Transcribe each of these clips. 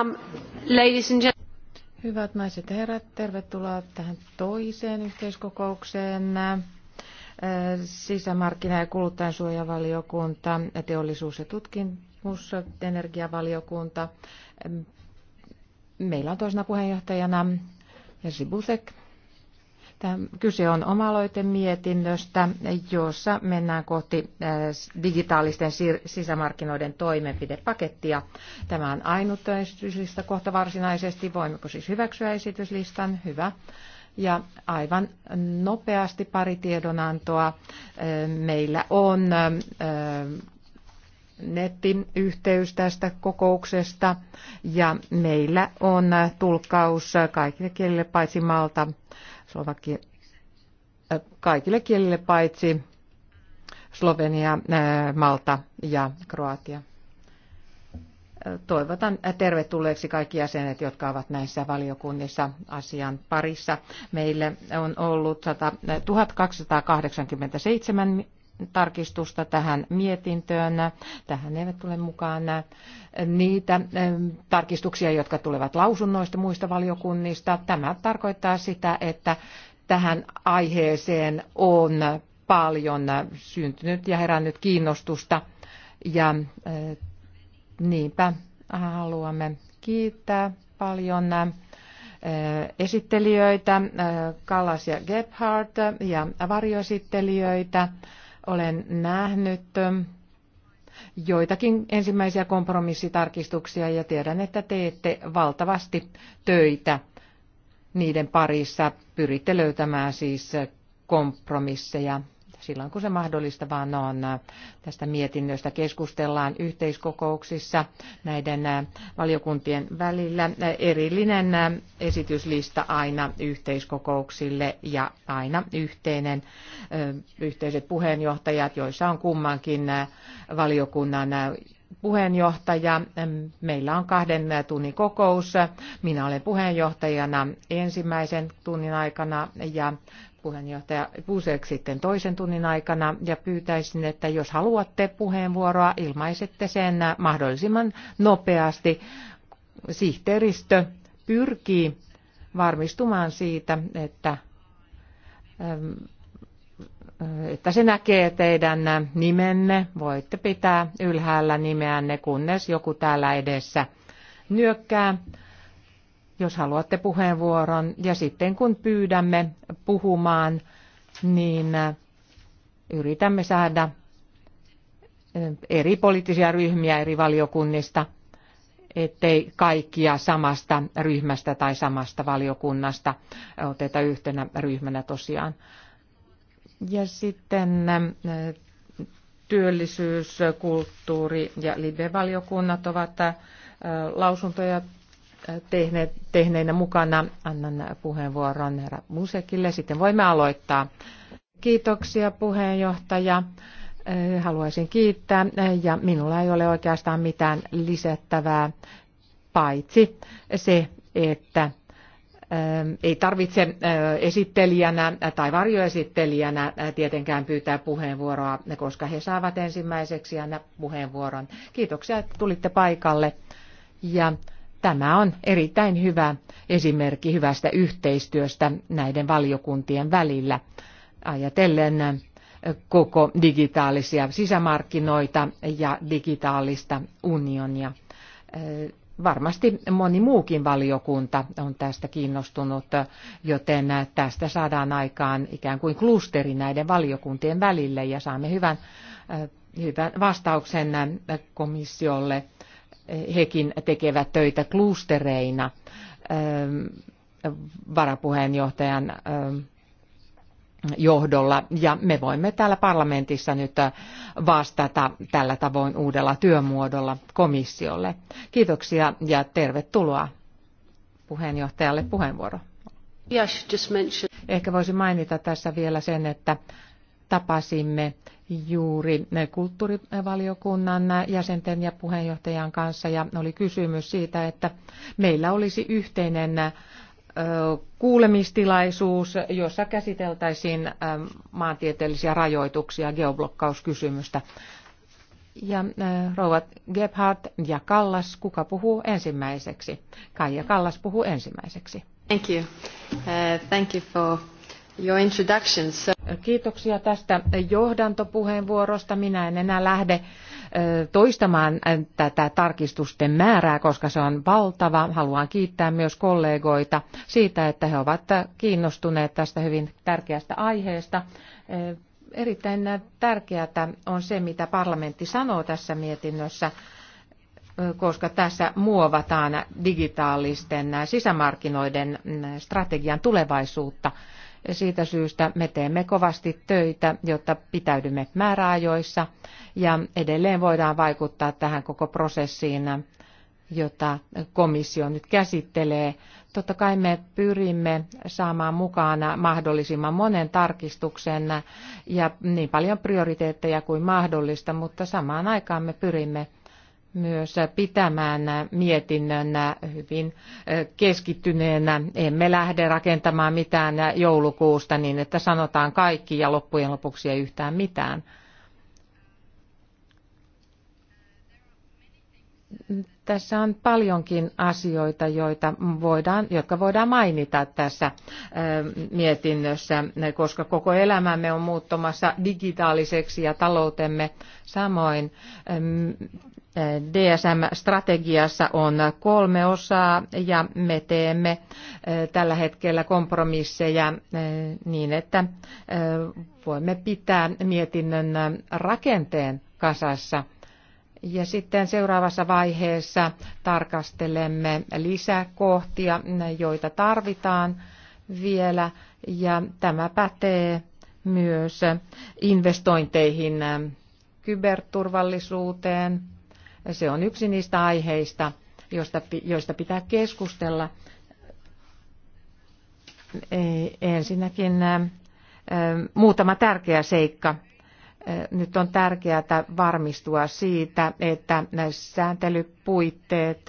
Um, Hyvät naiset ja herrat, tervetuloa tähän toiseen yhteiskokoukseen. Äh, sisämarkkina- ja kuluttajansuojavaliokunta, teollisuus- ja tutkimus, energiavaliokunta. Ähm, meillä on toisena puheenjohtajana Jerzy Busek. Kyse on omaloitemietinnöstä, jossa mennään kohti äh, digitaalisten sisämarkkinoiden toimenpidepakettia. Tämä on ainut esityslista kohta varsinaisesti. Voimmeko siis hyväksyä esityslistan? Hyvä. Ja aivan nopeasti pari tiedonantoa. Äh, meillä on äh, nettiyhteys tästä kokouksesta ja meillä on tulkkaus kaikille kielille paitsi Malta Slovakia, äh, kaikille kielille paitsi Slovenia, äh, Malta ja Kroatia. Äh, toivotan tervetulleeksi kaikki jäsenet, jotka ovat näissä valiokunnissa asian parissa. Meille on ollut 1287 tarkistusta tähän mietintöön. Tähän eivät tule mukaan niitä eh, tarkistuksia, jotka tulevat lausunnoista muista valiokunnista. Tämä tarkoittaa sitä, että tähän aiheeseen on paljon syntynyt ja herännyt kiinnostusta. Ja eh, niinpä haluamme kiittää paljon eh, esittelijöitä, Kallas ja Gebhardt ja varjoesittelijöitä olen nähnyt ähm, joitakin ensimmäisiä kompromissitarkistuksia ja tiedän, että teette valtavasti töitä niiden parissa. Pyritte löytämään siis kompromisseja silloin, kun se mahdollista vaan on. Äh, tästä mietinnöstä keskustellaan yhteiskokouksissa näiden äh, valiokuntien välillä. Äh, erillinen esityslista aina yhteiskokouksille ja aina yhteinen yhteiset puheenjohtajat, joissa on kummankin valiokunnan puheenjohtaja. Ähm, meillä on kahden tunnin kokous. Minä olen puheenjohtajana ensimmäisen tunnin aikana ja puheenjohtaja Buzek sitten toisen tunnin aikana ja pyytäisin, että jos haluatte puheenvuoroa, ilmaisette sen mahdollisimman nopeasti. Sihteeristö pyrkii varmistumaan siitä, että, ähm, että se näkee teidän nimenne. Voitte pitää ylhäällä nimeänne, kunnes joku täällä edessä nyökkää jos haluatte puheenvuoron. Ja sitten kun pyydämme puhumaan, niin äh, yritämme saada äh, eri poliittisia ryhmiä eri valiokunnista, ettei kaikkia samasta ryhmästä tai samasta valiokunnasta oteta yhtenä ryhmänä tosiaan. Ja sitten äh, työllisyys, kulttuuri ja live-valiokunnat ovat lausuntoja tehneinä mukana. Annan puheenvuoron herra Musekille. Sitten voimme aloittaa. Kiitoksia puheenjohtaja. Eh, haluaisin kiittää eh, ja minulla ei ole oikeastaan mitään lisättävää paitsi se, että eh, ei tarvitse esittelijänä tai varjoesittelijänä tietenkään pyytää puheenvuoroa, koska he saavat ensimmäiseksi aina puheenvuoron. Kiitoksia, että tulitte paikalle. Ja Tämä on erittäin hyvä esimerkki hyvästä yhteistyöstä näiden valiokuntien välillä ajatellen koko digitaalisia sisämarkkinoita ja digitaalista unionia. Varmasti moni muukin valiokunta on tästä kiinnostunut, joten tästä saadaan aikaan ikään kuin klusteri näiden valiokuntien välille ja saamme hyvän, hyvän vastauksen komissiolle hekin tekevät töitä klustereina ähm, varapuheenjohtajan ähm, johdolla ja me voimme täällä parlamentissa nyt äh, vastata tällä tavoin uudella työmuodolla komissiolle. Kiitoksia ja tervetuloa puheenjohtajalle puheenvuoro. Ehkä voisin mainita tässä vielä sen, että tapasimme juuri kulttuurivaliokunnan jäsenten ja puheenjohtajan kanssa ja oli kysymys siitä, että meillä olisi yhteinen kuulemistilaisuus, jossa käsiteltäisiin maantieteellisiä rajoituksia geoblokkauskysymystä. Ja rouvat Gebhardt ja Kallas, kuka puhuu ensimmäiseksi? Kaija Kallas puhuu ensimmäiseksi. Thank you. Uh, thank you for Kiitoksia tästä johdantopuheenvuorosta. Minä en enää lähde toistamaan tätä tarkistusten määrää, koska se on valtava. Haluan kiittää myös kollegoita siitä, että he ovat kiinnostuneet tästä hyvin tärkeästä aiheesta. Erittäin tärkeää on se, mitä parlamentti sanoo tässä mietinnössä koska tässä muovataan digitaalisten sisämarkkinoiden mm, strategian tulevaisuutta. Siitä syystä me teemme kovasti töitä, jotta pitäydymme määräajoissa ja edelleen voidaan vaikuttaa tähän koko prosessiin, jota komissio nyt käsittelee. Totta kai me pyrimme saamaan mukana mahdollisimman monen tarkistuksen ja niin paljon prioriteetteja kuin mahdollista, mutta samaan aikaan me pyrimme myös pitämään mietinnön hyvin keskittyneenä. Emme lähde rakentamaan mitään joulukuusta niin, että sanotaan kaikki ja loppujen lopuksi ei yhtään mitään. Tässä on paljonkin asioita, joita voidaan, jotka voidaan mainita tässä mietinnössä, koska koko elämämme on muuttumassa digitaaliseksi ja taloutemme samoin. DSM-strategiassa on kolme osaa ja me teemme tällä hetkellä kompromisseja niin, että voimme pitää mietinnön rakenteen kasassa. Ja sitten seuraavassa vaiheessa tarkastelemme lisäkohtia, joita tarvitaan vielä ja tämä pätee myös investointeihin kyberturvallisuuteen, se on yksi niistä aiheista, joista, joista pitää keskustella. E, ensinnäkin muutama tärkeä seikka. Nyt on tärkeää varmistua siitä, että sääntelypuitteet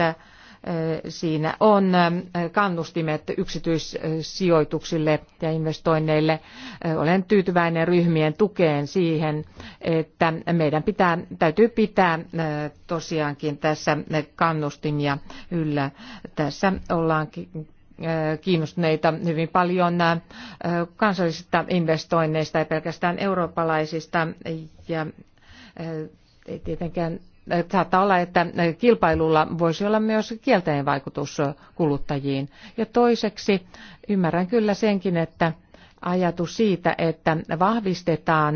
Siinä on kannustimet yksityissijoituksille ja investoinneille. Olen tyytyväinen ryhmien tukeen siihen, että meidän pitää, täytyy pitää tosiaankin tässä kannustimia yllä. Tässä ollaan kiinnostuneita hyvin paljon kansallisista investoinneista ja pelkästään eurooppalaisista. Ja ei tietenkään saattaa olla, että kilpailulla voisi olla myös kielteinen vaikutus kuluttajiin. Ja toiseksi ymmärrän kyllä senkin, että ajatus siitä, että vahvistetaan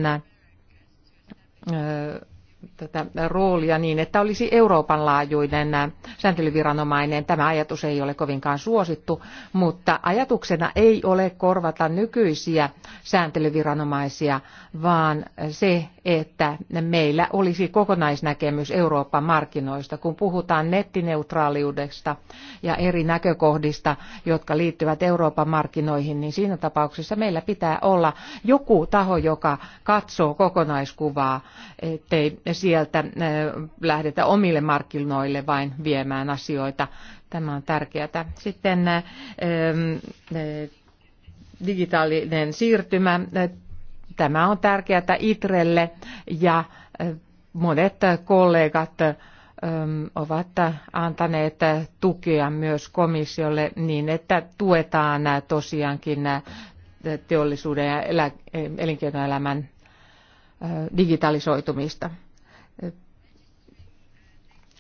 tätä roolia niin, että olisi Euroopan laajuinen sääntelyviranomainen. Tämä ajatus ei ole kovinkaan suosittu, mutta ajatuksena ei ole korvata nykyisiä sääntelyviranomaisia, vaan se, että meillä olisi kokonaisnäkemys Euroopan markkinoista, kun puhutaan nettineutraaliudesta ja eri näkökohdista, jotka liittyvät Euroopan markkinoihin, niin siinä tapauksessa meillä pitää olla joku taho, joka katsoo kokonaiskuvaa, ettei sieltä äh, lähdetä omille markkinoille vain viemään asioita. Tämä on tärkeää. Sitten ähm, äh, digitaalinen siirtymä Tämä on tärkeää Itrelle ja monet kollegat ovat antaneet tukea myös komissiolle niin, että tuetaan tosiaankin teollisuuden ja elinkeinoelämän digitalisoitumista.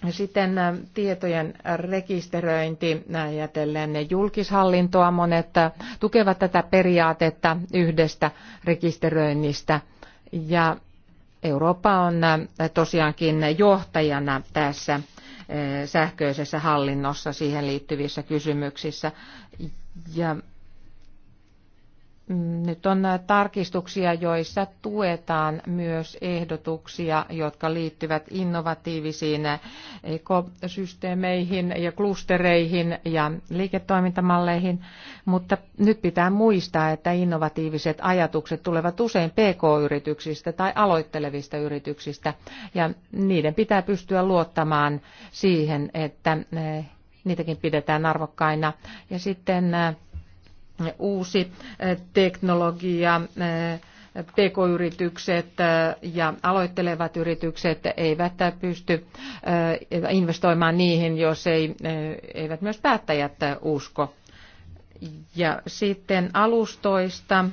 Sitten tietojen rekisteröinti ajatellen julkishallintoa. Monet tukevat tätä periaatetta yhdestä rekisteröinnistä. Ja Eurooppa on tosiaankin johtajana tässä sähköisessä hallinnossa siihen liittyvissä kysymyksissä. Ja Mm, nyt on tarkistuksia, joissa tuetaan myös ehdotuksia, jotka liittyvät innovatiivisiin ekosysteemeihin ja klustereihin ja liiketoimintamalleihin, mutta nyt pitää muistaa, että innovatiiviset ajatukset tulevat usein PK-yrityksistä tai aloittelevista yrityksistä ja niiden pitää pystyä luottamaan siihen, että niitäkin pidetään arvokkaina. Ja sitten uusi eh, teknologia, eh, PK-yritykset eh, ja aloittelevat yritykset eivät pysty investoimaan niihin, jos ei, eivät myös päättäjät usko. Ja sitten alustoista.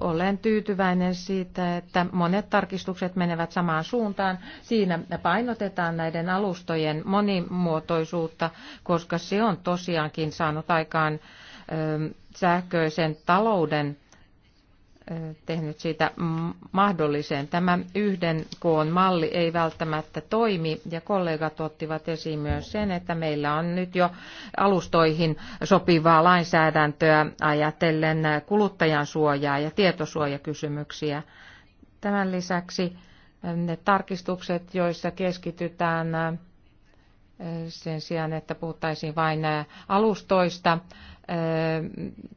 Olen tyytyväinen siitä, että monet tarkistukset menevät samaan suuntaan. Siinä painotetaan näiden alustojen monimuotoisuutta, koska se on tosiaankin saanut aikaan äh, Ähm, sähköisen talouden äh, tehnyt siitä mahdollisen. Tämä yhden koon malli ei välttämättä toimi ja kollegat ottivat esiin myös sen, että meillä on nyt jo alustoihin sopivaa lainsäädäntöä ajatellen kuluttajan suojaa ja tietosuojakysymyksiä. Tämän lisäksi ähm, ne tarkistukset, joissa keskitytään äh, sen sijaan, että puhuttaisiin vain äh, alustoista,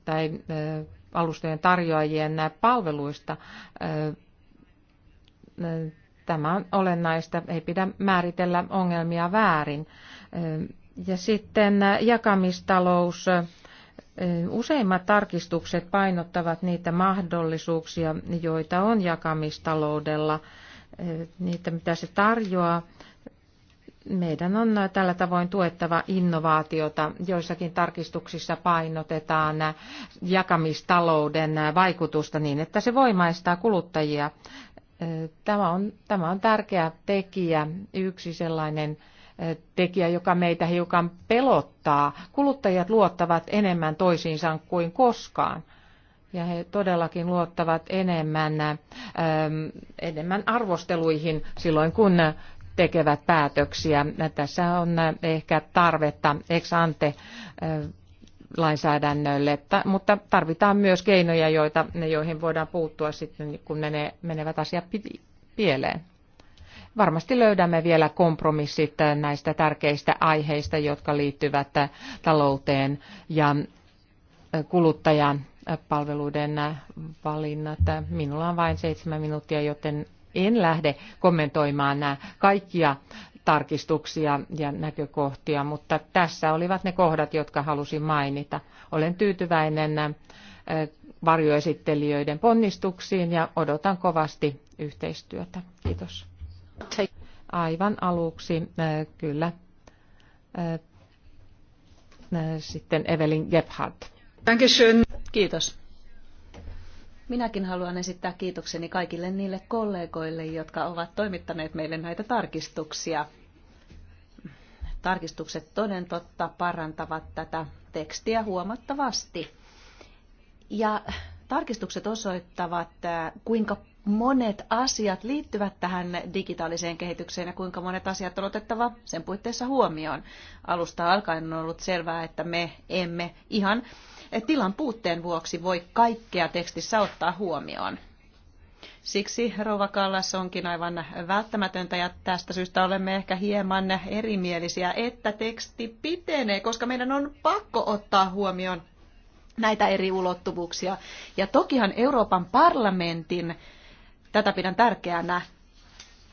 tai alustojen tarjoajien palveluista. Tämä on olennaista, ei pidä määritellä ongelmia väärin. Ja sitten jakamistalous. Useimmat tarkistukset painottavat niitä mahdollisuuksia, joita on jakamistaloudella, niitä mitä se tarjoaa meidän on tällä tavoin tuettava innovaatiota. Joissakin tarkistuksissa painotetaan jakamistalouden vaikutusta niin, että se voimaistaa kuluttajia. Tämä on, tämä on tärkeä tekijä, yksi sellainen e, tekijä, joka meitä hiukan pelottaa. Kuluttajat luottavat enemmän toisiinsa kuin koskaan. Ja he todellakin luottavat enemmän, e, enemmän arvosteluihin silloin, kun tekevät päätöksiä. Tässä on ehkä tarvetta ex ante lainsäädännölle, mutta tarvitaan myös keinoja, joita, joihin voidaan puuttua sitten, kun menee, menevät asiat pieleen. Varmasti löydämme vielä kompromissit näistä tärkeistä aiheista, jotka liittyvät talouteen ja kuluttajan palveluiden valinnat. Minulla on vain seitsemän minuuttia, joten en lähde kommentoimaan nämä kaikkia tarkistuksia ja näkökohtia, mutta tässä olivat ne kohdat, jotka halusin mainita. Olen tyytyväinen äh, varjoesittelijöiden ponnistuksiin ja odotan kovasti yhteistyötä. Kiitos. Aivan aluksi äh, kyllä äh, sitten Evelyn Gebhardt. Kiitos. Minäkin haluan esittää kiitokseni kaikille niille kollegoille, jotka ovat toimittaneet meille näitä tarkistuksia. Tarkistukset toden totta parantavat tätä tekstiä huomattavasti. Ja tarkistukset osoittavat, äh, kuinka monet asiat liittyvät tähän digitaaliseen kehitykseen ja kuinka monet asiat on otettava sen puitteissa huomioon. Alusta alkaen on ollut selvää, että me emme ihan tilan puutteen vuoksi voi kaikkea tekstissä ottaa huomioon. Siksi Rova Kallas onkin aivan välttämätöntä ja tästä syystä olemme ehkä hieman erimielisiä, että teksti pitenee, koska meidän on pakko ottaa huomioon näitä eri ulottuvuuksia. Ja tokihan Euroopan parlamentin tätä pidän tärkeänä,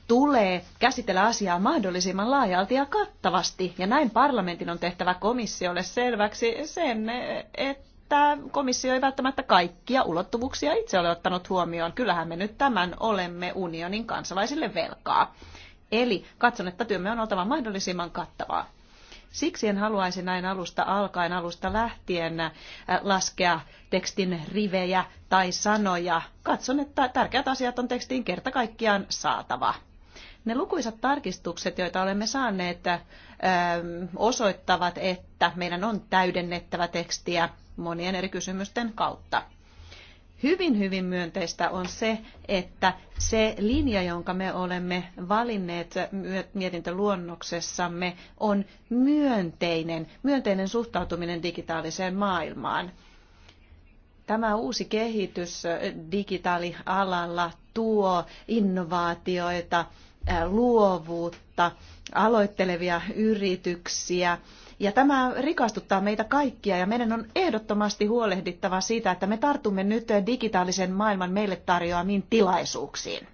tulee käsitellä asiaa mahdollisimman laajalti ja kattavasti. Ja näin parlamentin on tehtävä komissiolle selväksi sen, että komissio ei välttämättä kaikkia ulottuvuuksia itse ole ottanut huomioon. Kyllähän me nyt tämän olemme unionin kansalaisille velkaa. Eli katson, että työmme on oltava mahdollisimman kattavaa. Siksi en haluaisi näin alusta alkaen, alusta lähtien äh, laskea tekstin rivejä tai sanoja. Katson, että tärkeät asiat on tekstiin kerta kaikkiaan saatava. Ne lukuisat tarkistukset, joita olemme saaneet, äh, osoittavat, että meidän on täydennettävä tekstiä monien eri kysymysten kautta hyvin, hyvin myönteistä on se, että se linja, jonka me olemme valinneet mietintöluonnoksessamme, on myönteinen, myönteinen suhtautuminen digitaaliseen maailmaan. Tämä uusi kehitys digitaalialalla tuo innovaatioita, luovuutta, aloittelevia yrityksiä, ja tämä rikastuttaa meitä kaikkia ja meidän on ehdottomasti huolehdittava siitä, että me tartumme nyt digitaalisen maailman meille tarjoamiin tilaisuuksiin.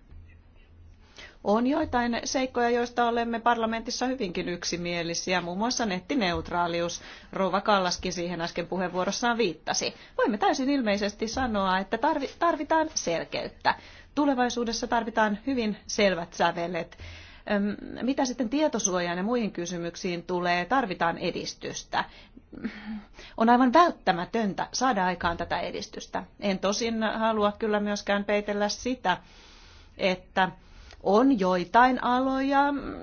On joitain seikkoja, joista olemme parlamentissa hyvinkin yksimielisiä, muun muassa nettineutraalius. Rouva Kallaskin siihen äsken puheenvuorossaan viittasi. Voimme täysin ilmeisesti sanoa, että tarvitaan selkeyttä. Tulevaisuudessa tarvitaan hyvin selvät sävelet mitä sitten tietosuojaan ja muihin kysymyksiin tulee, tarvitaan edistystä. On aivan välttämätöntä saada aikaan tätä edistystä. En tosin halua kyllä myöskään peitellä sitä, että on joitain aloja, mm,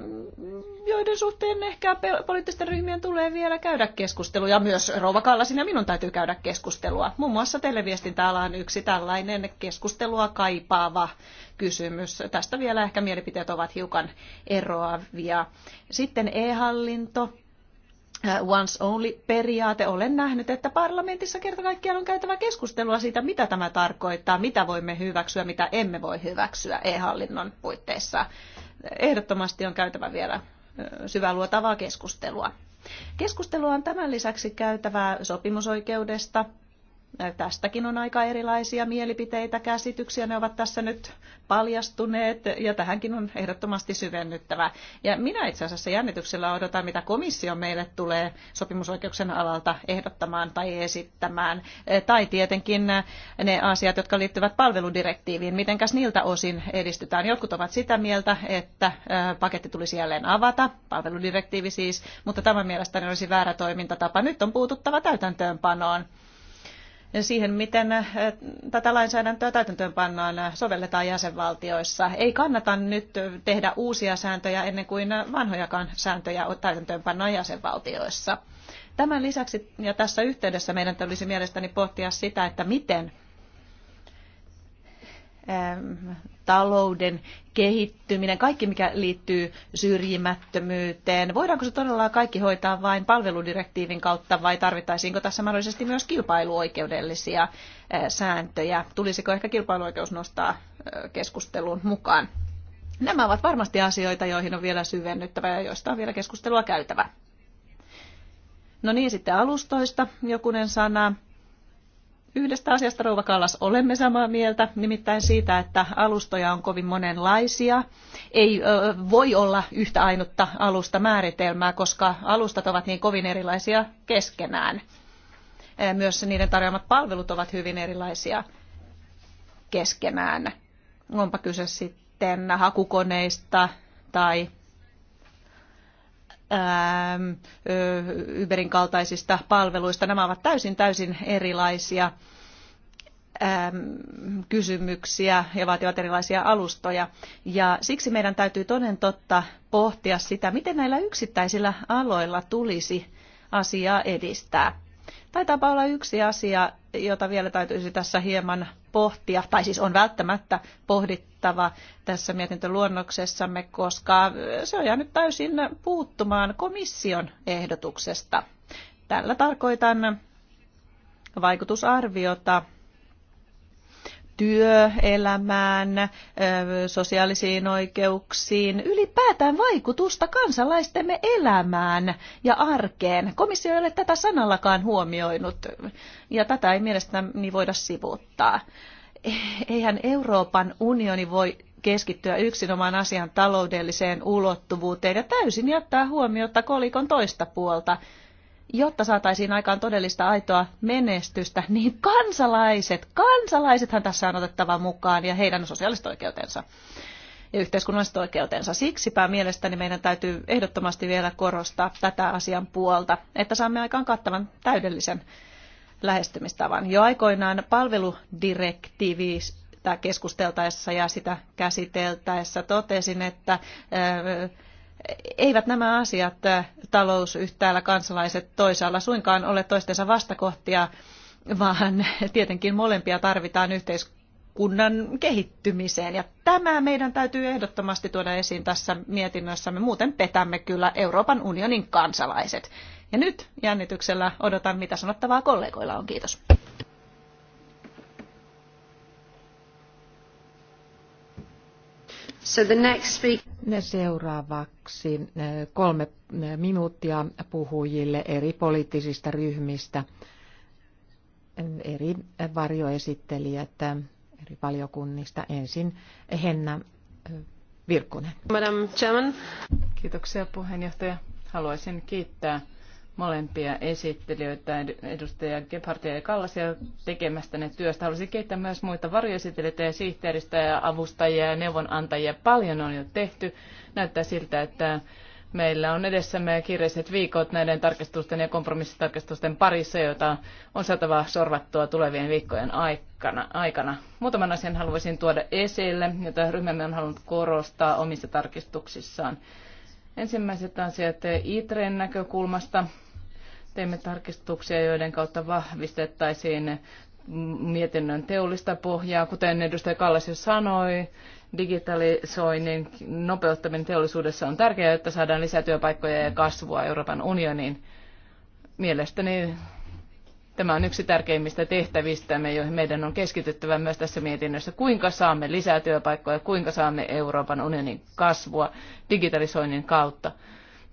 joiden suhteen ehkä poliittisten ryhmien tulee vielä käydä keskustelua. Myös Rouva Kallasin ja minun täytyy käydä keskustelua. Muun muassa televiestintäala on yksi tällainen keskustelua kaipaava kysymys. Tästä vielä ehkä mielipiteet ovat hiukan eroavia. Sitten e-hallinto Äh, once only periaate. Olen nähnyt, että parlamentissa kerta kaikkiaan on käytävä keskustelua siitä, mitä tämä tarkoittaa, mitä voimme hyväksyä, mitä emme voi hyväksyä e-hallinnon puitteissa. Ehdottomasti on käytävä vielä luotavaa keskustelua. Keskustelua on tämän lisäksi käytävää sopimusoikeudesta, Tästäkin on aika erilaisia mielipiteitä, käsityksiä, ne ovat tässä nyt paljastuneet ja tähänkin on ehdottomasti syvennyttävä. Ja minä itse asiassa jännityksellä odotan, mitä komissio meille tulee sopimusoikeuksen alalta ehdottamaan tai esittämään. Tai tietenkin ne asiat, jotka liittyvät palveludirektiiviin, mitenkäs niiltä osin edistytään. Jotkut ovat sitä mieltä, että paketti tulisi jälleen avata, palveludirektiivi siis, mutta tämä mielestäni olisi väärä toimintatapa. Nyt on puututtava täytäntöönpanoon siihen, miten eh, tätä lainsäädäntöä pannaan eh, sovelletaan jäsenvaltioissa. Ei kannata nyt tehdä uusia sääntöjä ennen kuin vanhojakaan sääntöjä pannaan jäsenvaltioissa. Tämän lisäksi ja tässä yhteydessä meidän tulisi mielestäni pohtia sitä, että miten talouden kehittyminen, kaikki mikä liittyy syrjimättömyyteen. Voidaanko se todella kaikki hoitaa vain palveludirektiivin kautta vai tarvittaisiinko tässä mahdollisesti myös kilpailuoikeudellisia sääntöjä? Tulisiko ehkä kilpailuoikeus nostaa keskusteluun mukaan? Nämä ovat varmasti asioita, joihin on vielä syvennyttävä ja joista on vielä keskustelua käytävä. No niin, sitten alustoista jokunen sana. Yhdestä asiasta, Rouva Kallas, olemme samaa mieltä, nimittäin siitä, että alustoja on kovin monenlaisia. Ei ö, voi olla yhtä ainutta alusta määritelmää, koska alustat ovat niin kovin erilaisia keskenään. Myös niiden tarjoamat palvelut ovat hyvin erilaisia keskenään. Onpa kyse sitten hakukoneista tai Ähm, Uberin kaltaisista palveluista. Nämä ovat täysin täysin erilaisia ähm, kysymyksiä ja vaativat erilaisia alustoja. Ja siksi meidän täytyy toden totta pohtia sitä, miten näillä yksittäisillä aloilla tulisi asiaa edistää. Taitaapa olla yksi asia, jota vielä täytyisi tässä hieman pohtia, tai siis on välttämättä pohdittava tässä mietintöluonnoksessamme, koska se on jäänyt täysin puuttumaan komission ehdotuksesta. Tällä tarkoitan vaikutusarviota työelämään, sosiaalisiin oikeuksiin, ylipäätään vaikutusta kansalaistemme elämään ja arkeen. Komissio ei ole tätä sanallakaan huomioinut ja tätä ei mielestäni voida sivuuttaa. Eihän Euroopan unioni voi keskittyä yksinomaan asian taloudelliseen ulottuvuuteen ja täysin jättää huomiota kolikon toista puolta – jotta saataisiin aikaan todellista aitoa menestystä, niin kansalaiset, kansalaisethan tässä on otettava mukaan ja heidän sosiaaliset oikeutensa ja yhteiskunnalliset oikeutensa. Siksipä mielestäni meidän täytyy ehdottomasti vielä korostaa tätä asian puolta, että saamme aikaan kattavan täydellisen lähestymistavan. Jo aikoinaan palveludirektiivi keskusteltaessa ja sitä käsiteltäessä totesin, että eivät nämä asiat, talous yhtäällä, kansalaiset toisaalla, suinkaan ole toistensa vastakohtia, vaan tietenkin molempia tarvitaan yhteiskunnan kehittymiseen. Ja tämä meidän täytyy ehdottomasti tuoda esiin tässä mietinnössämme, muuten petämme kyllä Euroopan unionin kansalaiset. Ja nyt jännityksellä odotan, mitä sanottavaa kollegoilla on. Kiitos. So the next speaker seuraavaksi eh, kolme eh, minuuttia puhujille eri poliittisista ryhmistä, eri varjoesittelijät eh, eri valiokunnista. Ensin Henna Virkkunen. Madam Chairman. Kiitoksia puheenjohtaja. Haluaisin kiittää molempia esittelijöitä, edustaja Gebhardia ja Kallasia ne työstä. Haluaisin kiittää myös muita varjoesittelijöitä ja sihteeristä ja avustajia ja neuvonantajia. Paljon on jo tehty. Näyttää siltä, että meillä on edessämme kiireiset viikot näiden tarkistusten ja kompromissitarkistusten parissa, joita on saatava sorvattua tulevien viikkojen aikana. aikana. Muutaman asian haluaisin tuoda esille, jota ryhmämme on halunnut korostaa omissa tarkistuksissaan. Ensimmäiset asiat ITREn näkökulmasta. Teimme tarkistuksia, joiden kautta vahvistettaisiin mietinnön teollista pohjaa. Kuten edustaja Kallas jo sanoi, digitalisoinnin nopeuttaminen teollisuudessa on tärkeää, että saadaan lisää työpaikkoja ja kasvua Euroopan unioniin. Mielestäni Tämä on yksi tärkeimmistä tehtävistämme, joihin meidän on keskityttävä myös tässä mietinnössä. Kuinka saamme lisää työpaikkoja, kuinka saamme Euroopan unionin kasvua digitalisoinnin kautta.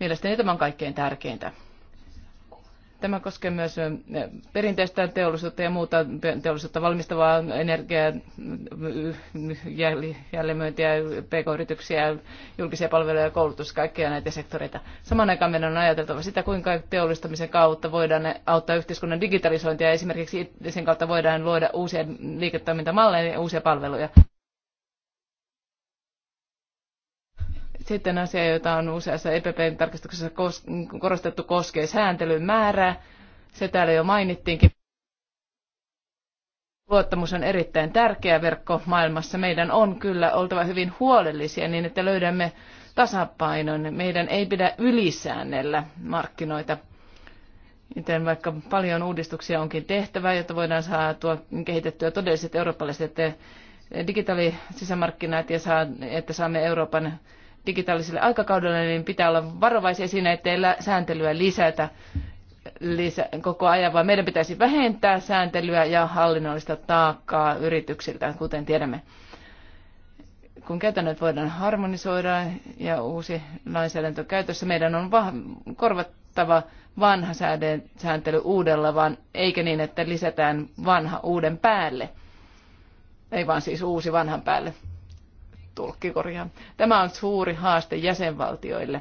Mielestäni tämä on kaikkein tärkeintä. Tämä koskee myös perinteistä teollisuutta ja muuta teollisuutta valmistavaa energiaa, jälleenmyyntiä, pk-yrityksiä, julkisia palveluja ja koulutus, kaikkia näitä sektoreita. Saman aikaan meidän on ajateltava sitä, kuinka teollistamisen kautta voidaan auttaa yhteiskunnan digitalisointia ja esimerkiksi sen kautta voidaan luoda uusia liiketoimintamalleja ja uusia palveluja. Sitten asia, jota on useassa EPPn tarkastuksessa korostettu, koskee sääntelyn määrää. Se täällä jo mainittiinkin. Luottamus on erittäin tärkeä verkko maailmassa. Meidän on kyllä oltava hyvin huolellisia niin, että löydämme tasapainon. Meidän ei pidä ylisäännellä markkinoita. Joten vaikka paljon uudistuksia onkin tehtävä, jotta voidaan saada kehitettyä todelliset eurooppalaiset digitaalisisämarkkinat ja saa, että saamme Euroopan digitaaliselle aikakaudelle, niin pitää olla varovaisia siinä, ettei sääntelyä lisätä lisä, koko ajan, vaan meidän pitäisi vähentää sääntelyä ja hallinnollista taakkaa yrityksiltä, kuten tiedämme. Kun käytännöt voidaan harmonisoida ja uusi lainsäädäntö käytössä, meidän on va- korvattava vanha sääntely uudella, vaan eikä niin, että lisätään vanha uuden päälle. Ei vaan siis uusi vanhan päälle tulkki korjaa. Tämä on suuri haaste jäsenvaltioille.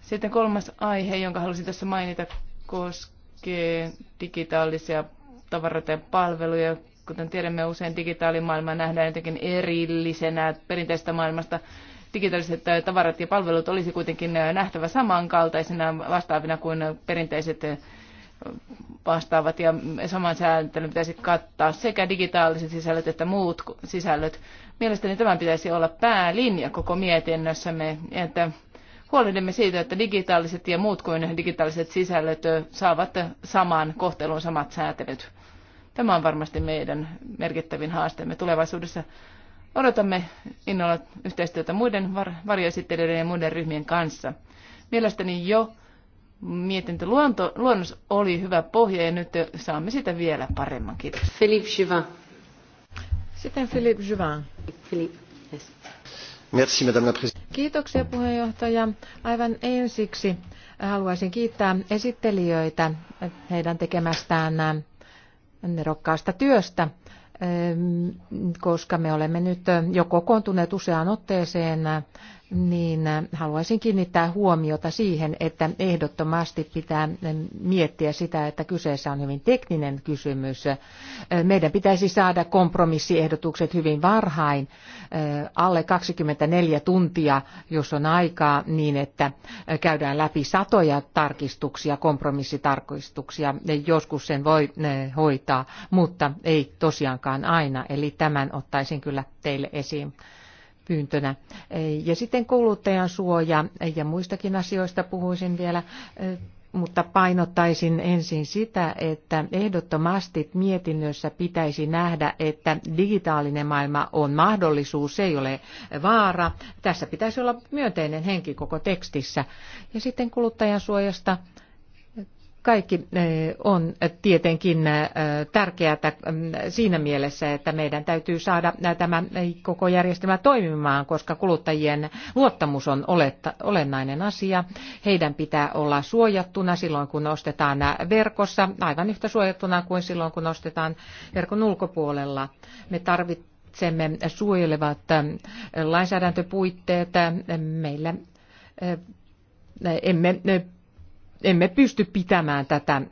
Sitten kolmas aihe, jonka halusin tässä mainita, koskee digitaalisia tavaroita ja palveluja. Kuten tiedämme, usein digitaalimaailma nähdään jotenkin erillisenä perinteistä maailmasta. Digitaaliset äh, tavarat ja palvelut olisi kuitenkin äh, nähtävä samankaltaisena vastaavina kuin perinteiset äh, vastaavat ja saman sääntelyn pitäisi kattaa sekä digitaaliset sisällöt että muut sisällöt. Mielestäni tämän pitäisi olla päälinja koko mietinnössämme, että huolehdimme siitä, että digitaaliset ja muut kuin digitaaliset sisällöt saavat saman kohtelun samat säätelyt. Tämä on varmasti meidän merkittävin haasteemme tulevaisuudessa. Odotamme innolla yhteistyötä muiden var- varjoesittelijöiden ja muiden ryhmien kanssa. Mielestäni jo mietintö luonto, luonnos oli hyvä pohja ja nyt saamme sitä vielä paremman. Kiitos. Philippe Chivin madame la Kiitoksia puheenjohtaja. Aivan ensiksi haluaisin kiittää esittelijöitä heidän tekemästään äh, nerokkaasta työstä, äh, koska me olemme nyt jo kokoontuneet useaan otteeseen äh, niin äh, haluaisin kiinnittää huomiota siihen, että ehdottomasti pitää äh, miettiä sitä, että kyseessä on hyvin tekninen kysymys. Äh, meidän pitäisi saada kompromissiehdotukset hyvin varhain, alle 24 tuntia, jos on aikaa, niin että käydään läpi satoja tarkistuksia, kompromissitarkistuksia. Joskus sen voi hoitaa, mutta ei tosiaankaan aina. Eli tämän ottaisin kyllä teille esiin pyyntönä. Ja sitten kuluttajan suoja ja muistakin asioista puhuisin vielä, mutta painottaisin ensin sitä, että ehdottomasti mietinnössä pitäisi nähdä, että digitaalinen maailma on mahdollisuus, se ei ole vaara. Tässä pitäisi olla myönteinen henki koko tekstissä. Ja sitten kuluttajan suojasta kaikki eh, on tietenkin eh, tärkeää mm, siinä mielessä, että meidän täytyy saada eh, tämä koko järjestelmä toimimaan, koska kuluttajien luottamus on olennainen asia. Heidän pitää olla suojattuna silloin, kun ostetaan verkossa, aivan yhtä suojattuna kuin silloin, kun ostetaan verkon ulkopuolella. Me tarvitsemme suojelevat lainsäädäntöpuitteet. Meillä emme emme pysty pitämään tätä,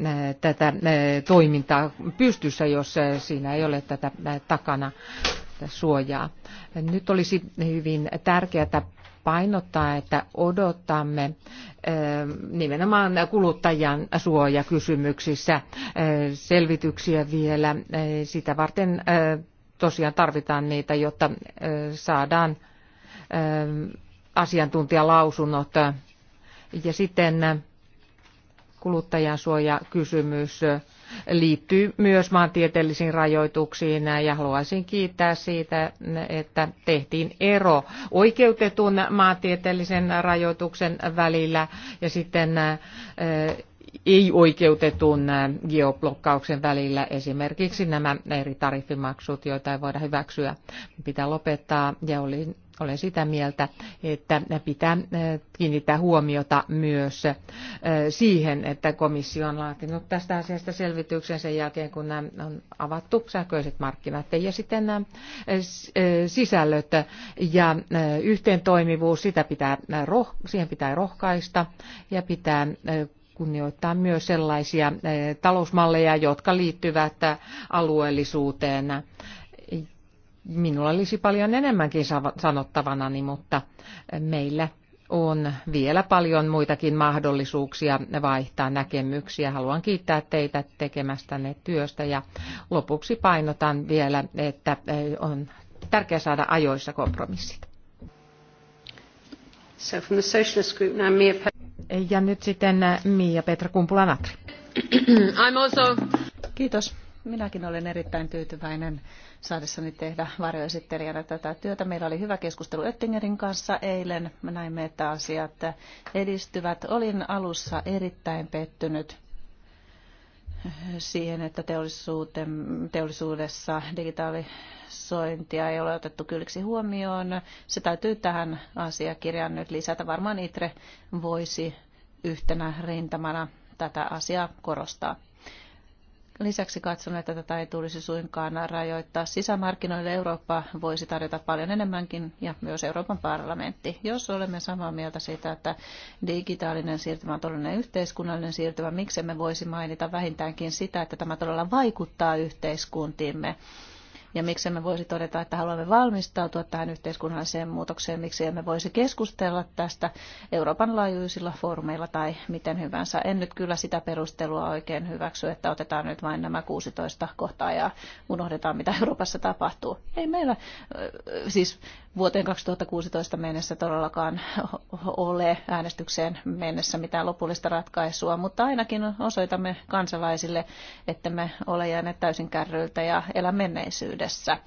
tätä toimintaa pystyssä, jos siinä ei ole tätä takana suojaa. Nyt olisi hyvin tärkeää painottaa, että odotamme nimenomaan kuluttajan suojakysymyksissä selvityksiä vielä. Sitä varten tosiaan tarvitaan niitä, jotta saadaan asiantuntijalausunnot. Ja sitten kuluttajansuojakysymys liittyy myös maantieteellisiin rajoituksiin ja haluaisin kiittää siitä, että tehtiin ero oikeutetun maantieteellisen rajoituksen välillä ja sitten ei-oikeutetun geoblokkauksen välillä. Esimerkiksi nämä eri tariffimaksut, joita ei voida hyväksyä, pitää lopettaa. Ja olin, olen sitä mieltä, että pitää kiinnittää huomiota myös siihen, että komissio on laatinut tästä asiasta selvityksen sen jälkeen, kun nämä on avattu sähköiset markkinat. Ja sitten nämä sisällöt ja yhteentoimivuus, sitä pitää, siihen pitää rohkaista ja pitää kunnioittaa myös sellaisia eh, talousmalleja, jotka liittyvät eh, alueellisuuteen. Minulla olisi paljon enemmänkin sanottavanani, mutta meillä on vielä paljon muitakin mahdollisuuksia vaihtaa näkemyksiä. Haluan kiittää teitä tekemästänne työstä ja lopuksi painotan vielä, että eh, on tärkeää saada ajoissa kompromissit. So from the ja nyt sitten äh, Miia Petra Kumpula-Natri. I'm also... Kiitos. Minäkin olen erittäin tyytyväinen saadessani tehdä varjoesittelijänä tätä työtä. Meillä oli hyvä keskustelu Öttingerin kanssa eilen. Me näimme, että asiat edistyvät. Olin alussa erittäin pettynyt siihen, että teollisuudessa digitalisointia ei ole otettu kylliksi huomioon. Se täytyy tähän asiakirjaan nyt lisätä. Varmaan ITRE voisi yhtenä rintamana tätä asiaa korostaa. Lisäksi katson, että tätä ei tulisi suinkaan rajoittaa. Sisämarkkinoille Eurooppa voisi tarjota paljon enemmänkin ja myös Euroopan parlamentti. Jos olemme samaa mieltä siitä, että digitaalinen siirtymä on todellinen yhteiskunnallinen siirtymä, me voisi mainita vähintäänkin sitä, että tämä todella vaikuttaa yhteiskuntiimme. Ja miksi me voisi todeta, että haluamme valmistautua tähän yhteiskunnalliseen muutokseen, miksi emme voisi keskustella tästä Euroopan laajuisilla foorumeilla tai miten hyvänsä. En nyt kyllä sitä perustelua oikein hyväksy, että otetaan nyt vain nämä 16 kohtaa ja unohdetaan, mitä Euroopassa tapahtuu. Ei meillä, siis vuoteen 2016 mennessä todellakaan ole äänestykseen mennessä mitään lopullista ratkaisua, mutta ainakin osoitamme kansalaisille, että me ole jääneet täysin kärryiltä ja elä menneisyydessä.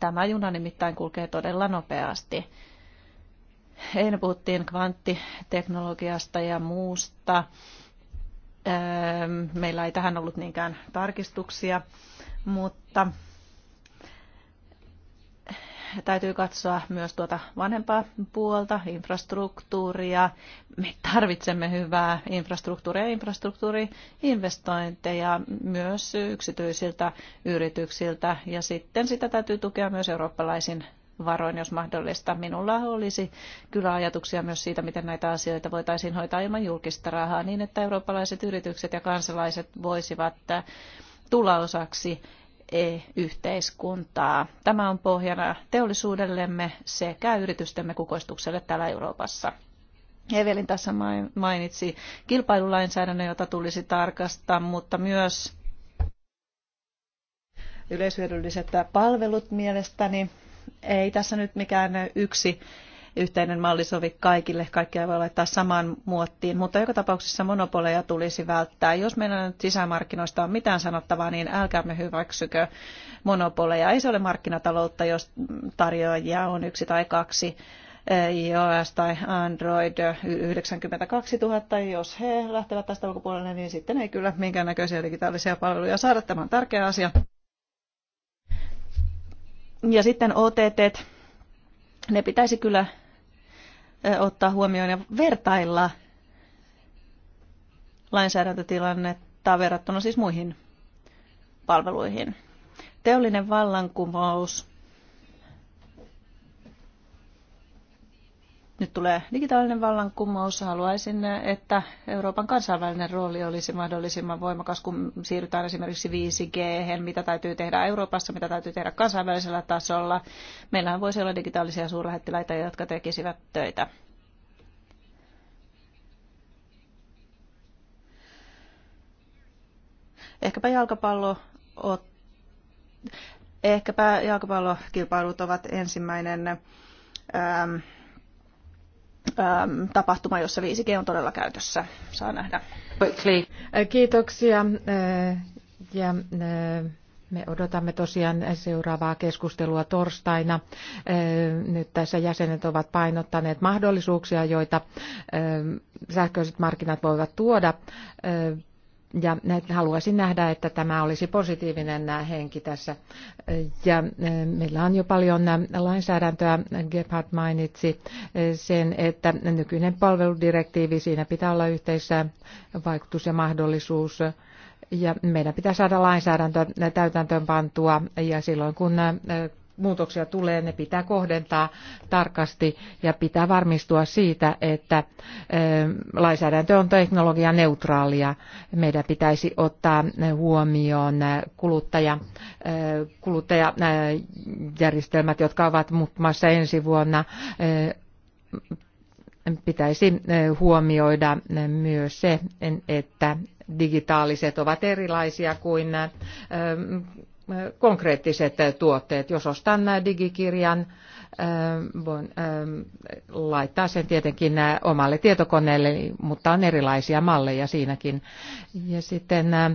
Tämä juna nimittäin kulkee todella nopeasti. Eilen puhuttiin kvanttiteknologiasta ja muusta. Öö, meillä ei tähän ollut niinkään tarkistuksia, mutta täytyy katsoa myös tuota vanhempaa puolta, infrastruktuuria. Me tarvitsemme hyvää infrastruktuuria ja infrastruktuuriinvestointeja myös yksityisiltä yrityksiltä. Ja sitten sitä täytyy tukea myös eurooppalaisin varoin, jos mahdollista. Minulla olisi kyllä ajatuksia myös siitä, miten näitä asioita voitaisiin hoitaa ilman julkista rahaa niin, että eurooppalaiset yritykset ja kansalaiset voisivat tulla osaksi yhteiskuntaa. Tämä on pohjana teollisuudellemme sekä yritystemme kukoistukselle täällä Euroopassa. Evelin tässä mainitsi kilpailulainsäädännön, jota tulisi tarkastaa, mutta myös yleishyödylliset palvelut mielestäni. Ei tässä nyt mikään yksi yhteinen malli sovi kaikille, kaikkia voi laittaa samaan muottiin, mutta joka tapauksessa monopoleja tulisi välttää. Jos meillä nyt sisämarkkinoista on mitään sanottavaa, niin älkäämme hyväksykö monopoleja. Ei se ole markkinataloutta, jos tarjoajia on yksi tai kaksi iOS tai Android 92 000, jos he lähtevät tästä ulkopuolelle, niin sitten ei kyllä minkäännäköisiä digitaalisia palveluja saada. Tämä on tärkeä asia. Ja sitten OTT, ne pitäisi kyllä ottaa huomioon ja vertailla lainsäädäntötilannetta verrattuna siis muihin palveluihin. Teollinen vallankumous nyt tulee digitaalinen vallankumous. Haluaisin, että Euroopan kansainvälinen rooli olisi mahdollisimman voimakas, kun siirrytään esimerkiksi 5G, mitä täytyy tehdä Euroopassa, mitä täytyy tehdä kansainvälisellä tasolla. Meillähän voisi olla digitaalisia suurlähettiläitä, jotka tekisivät töitä. Ehkäpä jalkapallo Ehkäpä jalkapallokilpailut ovat ensimmäinen ähm, tapahtuma, jossa 5G on todella käytössä. Saa nähdä. Kiitoksia. Äh, ja äh, me odotamme tosiaan seuraavaa keskustelua torstaina. Äh, nyt tässä jäsenet ovat painottaneet mahdollisuuksia, joita sähköiset markkinat voivat tuoda ja haluaisin nähdä, että tämä olisi positiivinen henki tässä. Ja meillä on jo paljon lainsäädäntöä. Gebhard mainitsi sen, että nykyinen palveludirektiivi, siinä pitää olla yhteisessä vaikutus ja mahdollisuus ja meidän pitää saada lainsäädäntö täytäntöön pantua ja silloin kun muutoksia tulee, ne pitää kohdentaa tarkasti ja pitää varmistua siitä, että lainsäädäntö on teknologianeutraalia. Meidän pitäisi ottaa huomioon kuluttaja, kuluttajajärjestelmät, jotka ovat muuttumassa ensi vuonna pitäisi huomioida myös se, että digitaaliset ovat erilaisia kuin konkreettiset tuotteet. Jos ostan digikirjan, ähm, voin ähm, laittaa sen tietenkin äh, omalle tietokoneelle, mutta on erilaisia malleja siinäkin. Ja sitten äh,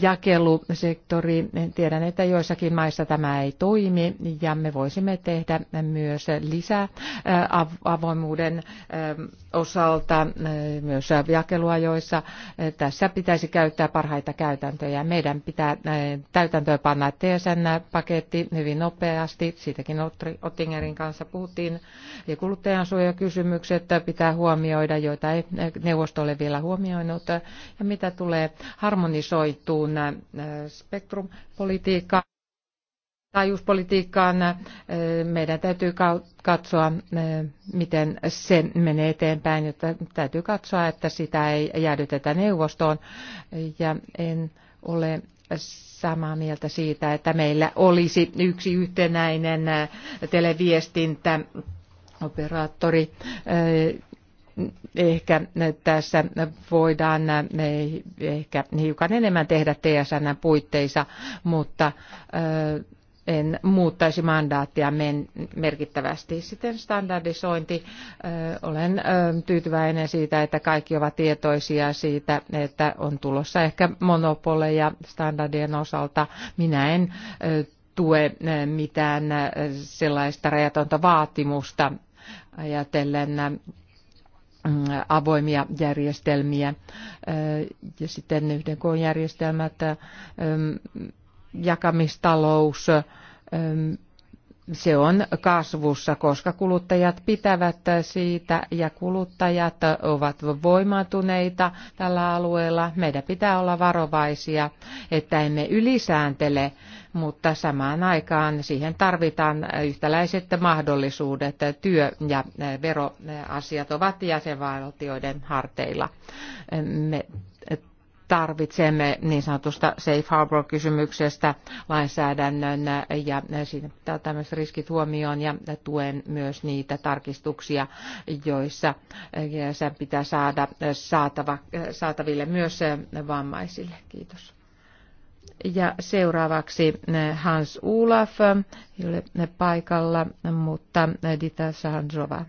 jakelusektori, tiedän, että joissakin maissa tämä ei toimi ja me voisimme tehdä myös lisää äh, avoimuuden ähm, osalta, eh, myös jakeluajoissa. Eh, tässä pitäisi käyttää parhaita käytäntöjä. Meidän pitää eh, täytäntöön panna TSN-paketti hyvin nopeasti. Siitäkin Ottingerin kanssa puhuttiin. Ja kuluttajansuojakysymykset pitää huomioida, joita ei neuvosto ole vielä huomioinut. Ja mitä tulee harmonisoituun spektrumpolitiikkaan taajuuspolitiikkaan meidän täytyy katsoa, miten se menee eteenpäin, jotta täytyy katsoa, että sitä ei jäädytetä neuvostoon. Ja en ole samaa mieltä siitä, että meillä olisi yksi yhtenäinen televiestintä operaattori. Ehkä tässä voidaan ehkä hiukan enemmän tehdä TSN puitteissa, mutta en muuttaisi mandaattia men, merkittävästi. Sitten standardisointi. olen tyytyväinen siitä, että kaikki ovat tietoisia siitä, että on tulossa ehkä monopoleja standardien osalta. Minä en tue mitään sellaista rajatonta vaatimusta ajatellen avoimia järjestelmiä ja sitten yhden koon järjestelmät jakamistalous, se on kasvussa, koska kuluttajat pitävät siitä ja kuluttajat ovat voimaantuneita tällä alueella. Meidän pitää olla varovaisia, että emme ylisääntele, mutta samaan aikaan siihen tarvitaan yhtäläiset mahdollisuudet. Työ- ja veroasiat ovat jäsenvaltioiden harteilla. Me tarvitsemme niin sanotusta safe harbor-kysymyksestä lainsäädännön ja siinä pitää tämmöiset riskit huomioon ja tuen myös niitä tarkistuksia, joissa sen pitää saada saatava, saataville myös vammaisille. Kiitos. Ja seuraavaksi Hans Olaf, ei ole paikalla, mutta Dita Sahandrova.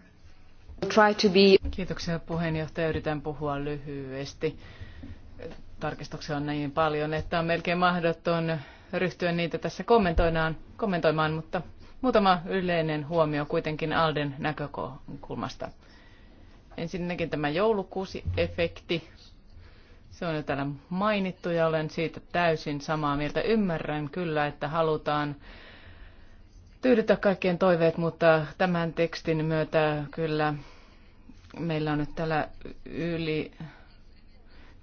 Kiitoksia puheenjohtaja. Yritän puhua lyhyesti tarkistuksia on näin paljon, että on melkein mahdoton ryhtyä niitä tässä kommentoimaan, mutta muutama yleinen huomio kuitenkin Alden näkökulmasta. Ensinnäkin tämä joulukuusi-efekti. Se on jo täällä mainittu ja olen siitä täysin samaa mieltä. Ymmärrän kyllä, että halutaan tyydyttää kaikkien toiveet, mutta tämän tekstin myötä kyllä meillä on nyt täällä yli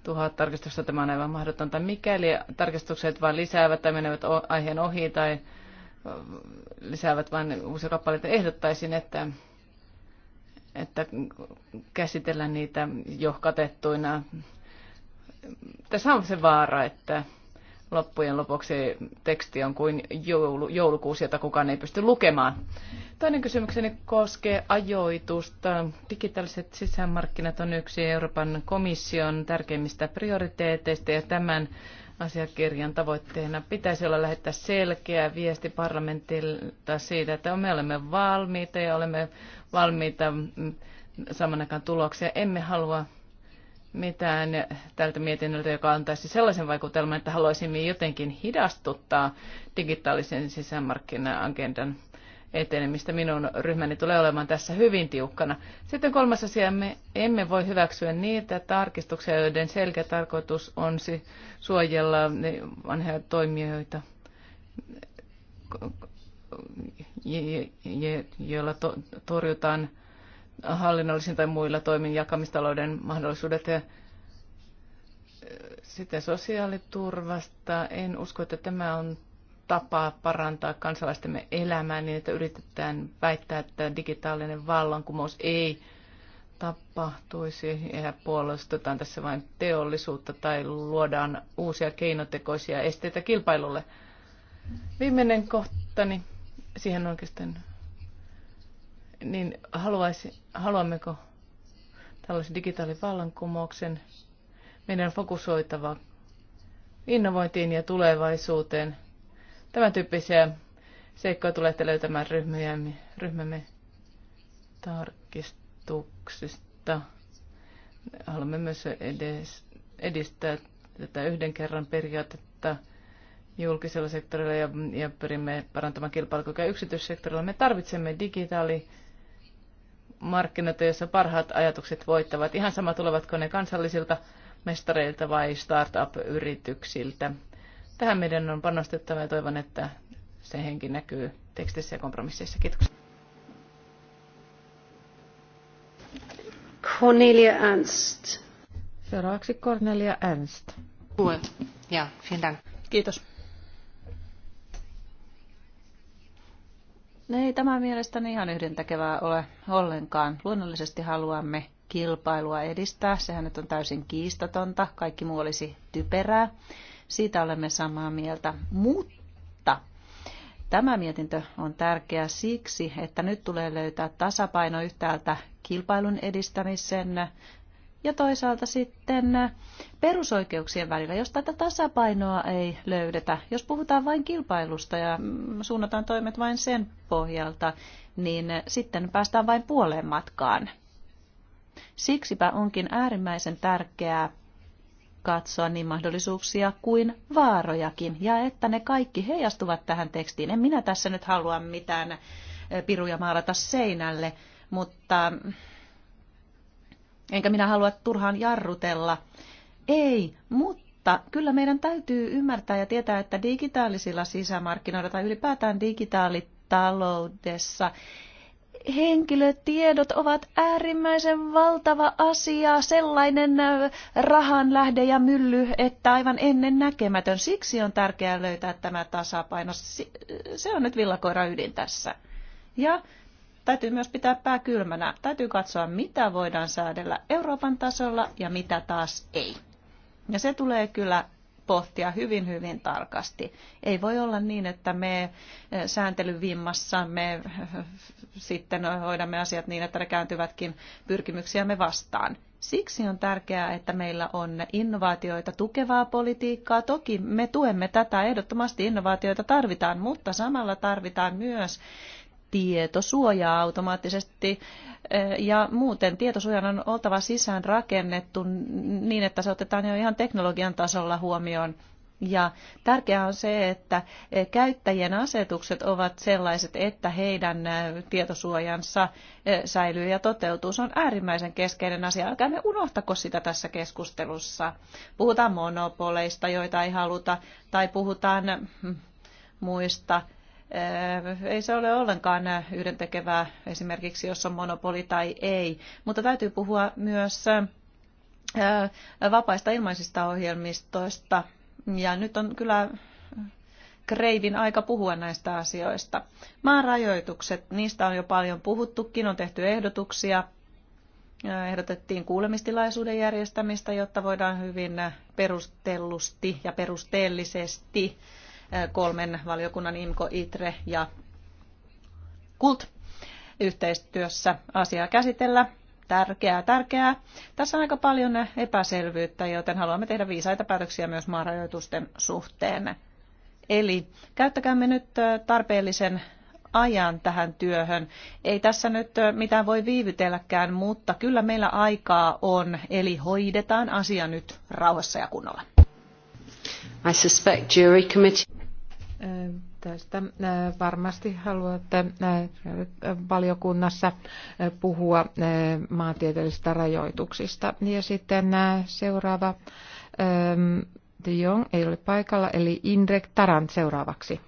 tuhat tarkistusta tämä on aivan mahdotonta. Mikäli tarkistukset vain lisäävät tai menevät aiheen ohi tai lisäävät vain uusia kappaleita, ehdottaisin, että, että käsitellään niitä jo katettuina. Tässä on se vaara, että loppujen lopuksi teksti on kuin joulu, joulukuusi, jota kukaan ei pysty lukemaan. Toinen kysymykseni koskee ajoitusta. Digitaaliset sisämarkkinat on yksi Euroopan komission tärkeimmistä prioriteeteista ja tämän asiakirjan tavoitteena pitäisi olla lähettää selkeä viesti parlamentilta siitä, että me olemme valmiita ja olemme valmiita mm, samanakaan tuloksia. Emme halua mitään tältä mietinnöltä, joka antaisi sellaisen vaikutelman, että haluaisimme jotenkin hidastuttaa digitaalisen sisämarkkina-agendan etenemistä. Minun ryhmäni tulee olemaan tässä hyvin tiukkana. Sitten kolmas asia, me emme voi hyväksyä niitä tarkistuksia, joiden selkeä tarkoitus on suojella vanhoja toimijoita, joilla to, torjutaan hallinnollisin tai muilla toimin jakamistalouden mahdollisuudet. Ja sitten sosiaaliturvasta. En usko, että tämä on tapa parantaa kansalaistemme elämää niin, että yritetään väittää, että digitaalinen vallankumous ei tapahtuisi ja puolustetaan tässä vain teollisuutta tai luodaan uusia keinotekoisia esteitä kilpailulle. Viimeinen kohtani, siihen oikeastaan, niin haluaisi, haluammeko tällaisen digitaalivallankumouksen meidän fokusoitava innovointiin ja tulevaisuuteen – Tämän tyyppisiä seikkoja tulette löytämään ryhmämme tarkistuksista. Haluamme myös edes, edistää tätä yhden kerran periaatetta julkisella sektorilla ja, ja pyrimme parantamaan kilpailukykyä yksityissektorilla. Me tarvitsemme digitaali markkinoita, joissa parhaat ajatukset voittavat. Ihan sama tulevatko ne kansallisilta mestareilta vai startup-yrityksiltä. Tähän meidän on panostettava ja toivon, että se henki näkyy tekstissä ja kompromisseissa. Kiitoksia. Cornelia Ernst. Seuraavaksi Cornelia Ernst. Ja, vielen Dank. Kiitos. No ei tämä mielestäni ihan yhdentäkevää ole ollenkaan. Luonnollisesti haluamme kilpailua edistää, sehän nyt on täysin kiistatonta, kaikki muu olisi typerää. Siitä olemme samaa mieltä. Mutta tämä mietintö on tärkeä siksi, että nyt tulee löytää tasapaino yhtäältä kilpailun edistämisen ja toisaalta sitten perusoikeuksien välillä, jos tätä tasapainoa ei löydetä, jos puhutaan vain kilpailusta ja suunnataan toimet vain sen pohjalta, niin sitten päästään vain puoleen matkaan. Siksipä onkin äärimmäisen tärkeää katsoa niin mahdollisuuksia kuin vaarojakin, ja että ne kaikki heijastuvat tähän tekstiin. En minä tässä nyt halua mitään piruja maalata seinälle, mutta enkä minä halua turhaan jarrutella. Ei, mutta kyllä meidän täytyy ymmärtää ja tietää, että digitaalisilla sisämarkkinoilla tai ylipäätään digitaalitaloudessa henkilötiedot ovat äärimmäisen valtava asia, sellainen rahan lähde ja mylly, että aivan ennen näkemätön. Siksi on tärkeää löytää tämä tasapaino. Se on nyt villakoira ydin tässä. Ja täytyy myös pitää pää kylmänä. Täytyy katsoa, mitä voidaan säädellä Euroopan tasolla ja mitä taas ei. Ja se tulee kyllä pohtia hyvin, hyvin tarkasti. Ei voi olla niin, että me sääntelyvimmassa me sitten hoidamme asiat niin, että ne kääntyvätkin pyrkimyksiämme vastaan. Siksi on tärkeää, että meillä on innovaatioita tukevaa politiikkaa. Toki me tuemme tätä, ehdottomasti innovaatioita tarvitaan, mutta samalla tarvitaan myös tietosuojaa automaattisesti eh, ja muuten tietosuojan on oltava sisään rakennettu niin, että se otetaan jo ihan teknologian tasolla huomioon ja tärkeää on se, että käyttäjien asetukset ovat sellaiset, että heidän tietosuojansa säilyy ja toteutuu. Se on äärimmäisen keskeinen asia. Älkää me unohtako sitä tässä keskustelussa. Puhutaan monopoleista, joita ei haluta, tai puhutaan muista ei se ole ollenkaan yhdentekevää esimerkiksi, jos on monopoli tai ei, mutta täytyy puhua myös vapaista ilmaisista ohjelmistoista. Ja nyt on kyllä kreivin aika puhua näistä asioista. Maan rajoitukset, niistä on jo paljon puhuttukin, on tehty ehdotuksia. Ehdotettiin kuulemistilaisuuden järjestämistä, jotta voidaan hyvin perustellusti ja perusteellisesti kolmen valiokunnan IMKO, ITRE ja KULT yhteistyössä asiaa käsitellä tärkeää, tärkeää. Tässä on aika paljon epäselvyyttä, joten haluamme tehdä viisaita päätöksiä myös maarajoitusten suhteen. Eli käyttäkäämme nyt tarpeellisen ajan tähän työhön. Ei tässä nyt mitään voi viivytelläkään, mutta kyllä meillä aikaa on, eli hoidetaan asia nyt rauhassa ja kunnolla. I suspect jury committee Tästä äh, varmasti haluatte äh, valiokunnassa äh, puhua maantieteellisistä rajoituksista. Ja sitten seuraava ähm, De Jong ei ole paikalla, eli Indrek Tarant seuraavaksi.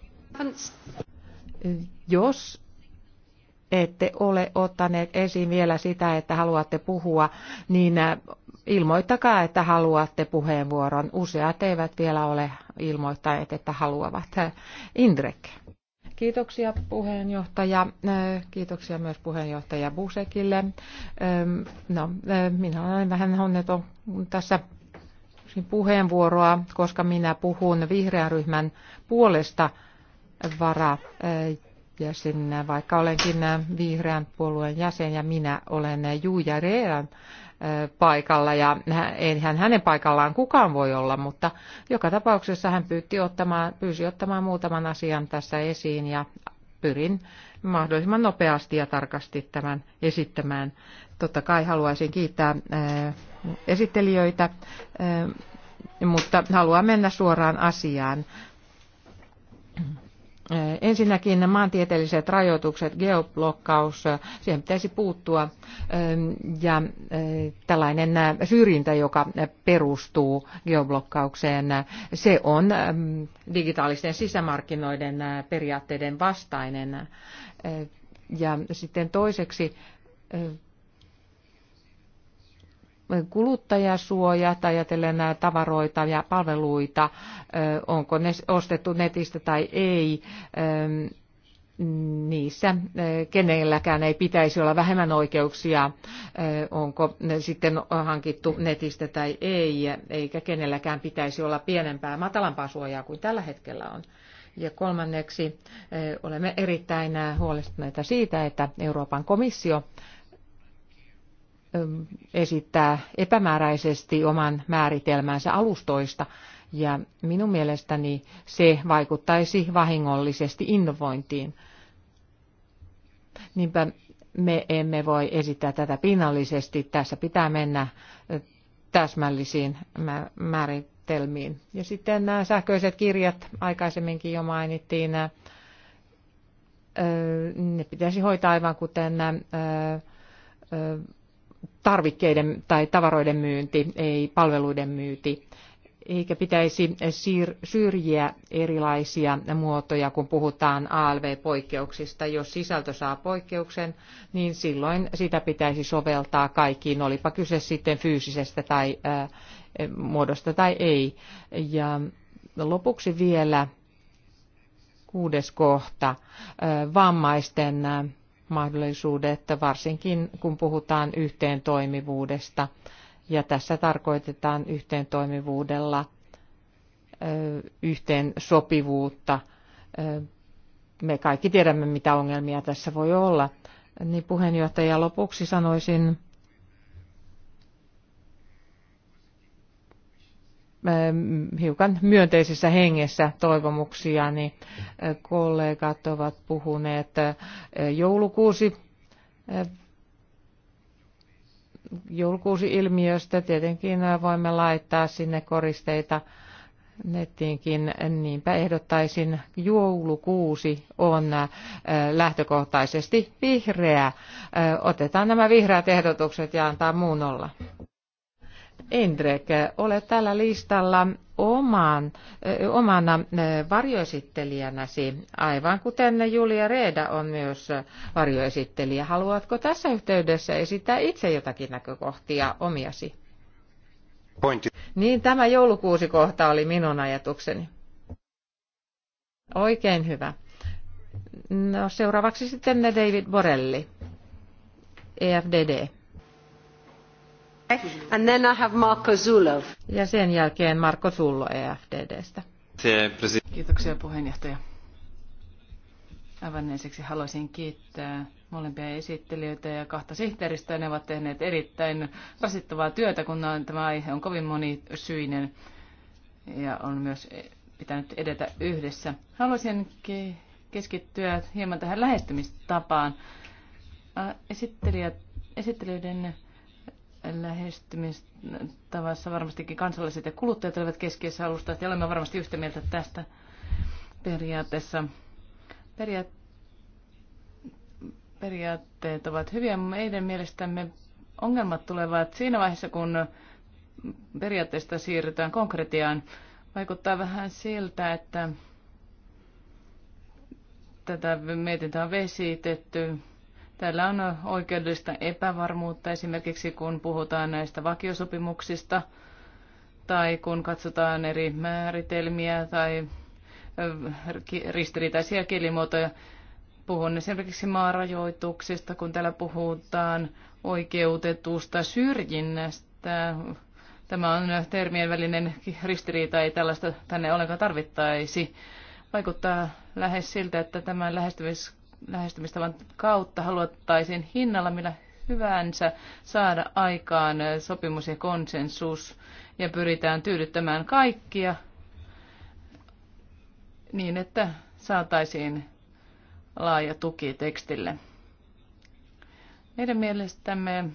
Jos ette ole ottaneet esiin vielä sitä, että haluatte puhua, niin äh, ilmoittakaa, että haluatte puheenvuoron. Useat eivät vielä ole ilmoittaneet, että haluavat. Indrek. Kiitoksia puheenjohtaja. Äh, kiitoksia myös puheenjohtaja Busekille. Ähm, no, äh, minä olen vähän onneton tässä puheenvuoroa, koska minä puhun vihreän ryhmän puolesta vara jäsen, vaikka olenkin äh, vihreän puolueen jäsen ja minä olen äh, Juja Reeran äh, paikalla ja eihän hänen paikallaan kukaan voi olla, mutta joka tapauksessa hän pyytti ottamaan, pyysi ottamaan muutaman asian tässä esiin ja pyrin mahdollisimman nopeasti ja tarkasti tämän esittämään. Totta kai haluaisin kiittää esittelijöitä, mutta haluan mennä suoraan asiaan. Ensinnäkin maantieteelliset rajoitukset, geoblokkaus, siihen pitäisi puuttua ja tällainen syrjintä, joka perustuu geoblokkaukseen, se on digitaalisten sisämarkkinoiden periaatteiden vastainen. Ja sitten toiseksi kuluttajasuojat ajatellen äh, tavaroita ja palveluita, äh, onko ne ostettu netistä tai ei, ähm, niissä äh, kenelläkään ei pitäisi olla vähemmän oikeuksia, onko ne sitten hankittu netistä tai ei, eikä kenelläkään pitäisi olla pienempää, matalampaa suojaa kuin tällä hetkellä on. Ja kolmanneksi olemme erittäin huolestuneita siitä, että Euroopan komissio esittää epämääräisesti oman määritelmänsä alustoista, ja minun mielestäni se vaikuttaisi vahingollisesti innovointiin. Niinpä me emme voi esittää tätä pinnallisesti. Tässä pitää mennä täsmällisiin määritelmiin. Ja sitten nämä sähköiset kirjat, aikaisemminkin jo mainittiin, ne pitäisi hoitaa aivan kuten tarvikkeiden tai tavaroiden myynti, ei palveluiden myynti. Eikä pitäisi syrjiä erilaisia muotoja, kun puhutaan ALV-poikkeuksista. Jos sisältö saa poikkeuksen, niin silloin sitä pitäisi soveltaa kaikkiin, olipa kyse sitten fyysisestä tai ää, muodosta tai ei. Ja lopuksi vielä kuudes kohta, vammaisten mahdollisuudet, varsinkin kun puhutaan yhteen toimivuudesta. Ja tässä tarkoitetaan yhteen toimivuudella yhteen sopivuutta. Me kaikki tiedämme, mitä ongelmia tässä voi olla. Niin puheenjohtaja, lopuksi sanoisin, Ähm, hiukan myönteisessä hengessä toivomuksiani. Äh, kollegat ovat puhuneet äh, joulukuusi äh, joulukuusi-ilmiöstä. Tietenkin voimme laittaa sinne koristeita nettiinkin. Niinpä ehdottaisin, joulukuusi on lähtökohtaisesti vihreä. Otetaan nämä vihreät ehdotukset ja antaa muun olla. Endrek ole tällä listalla oman, eh, omana eh, varjoesittelijänäsi, aivan kuten Julia Reeda on myös varjoesittelijä. Haluatko tässä yhteydessä esittää itse jotakin näkökohtia omiasi? Pointti. Niin, tämä joulukuusi kohta oli minun ajatukseni. Oikein hyvä. No, seuraavaksi sitten David Borelli, EFDD. And then I have Marko Zulov. Ja sen jälkeen Marko Zullo EFDDstä. Kiitoksia puheenjohtaja. Aivan ensiksi haluaisin kiittää molempia esittelijöitä ja kahta sihteeristöä. Ne ovat tehneet erittäin rasittavaa työtä, kun tämä aihe on kovin monisyinen ja on myös pitänyt edetä yhdessä. Haluaisin keskittyä hieman tähän lähestymistapaan. esittelijöiden lähestymistavassa varmastikin kansalaiset ja kuluttajat olivat keskiössä alusta, ja olemme varmasti yhtä mieltä tästä periaatteessa. Periaat, periaatteet ovat hyviä. mutta Meidän mielestämme ongelmat tulevat siinä vaiheessa, kun periaatteesta siirrytään konkretiaan. Vaikuttaa vähän siltä, että tätä mietintää on vesitetty Täällä on oikeudellista epävarmuutta esimerkiksi kun puhutaan näistä vakiosopimuksista tai kun katsotaan eri määritelmiä tai ristiriitaisia kielimuotoja. Puhun esimerkiksi maarajoituksista, kun täällä puhutaan oikeutetusta syrjinnästä. Tämä on termien välinen ristiriita, ei tällaista tänne ollenkaan tarvittaisi. Vaikuttaa lähes siltä, että tämä lähestymis lähestymistavan kautta haluttaisiin hinnalla millä hyvänsä saada aikaan sopimus ja konsensus ja pyritään tyydyttämään kaikkia niin, että saataisiin laaja tuki tekstille. Meidän mielestämme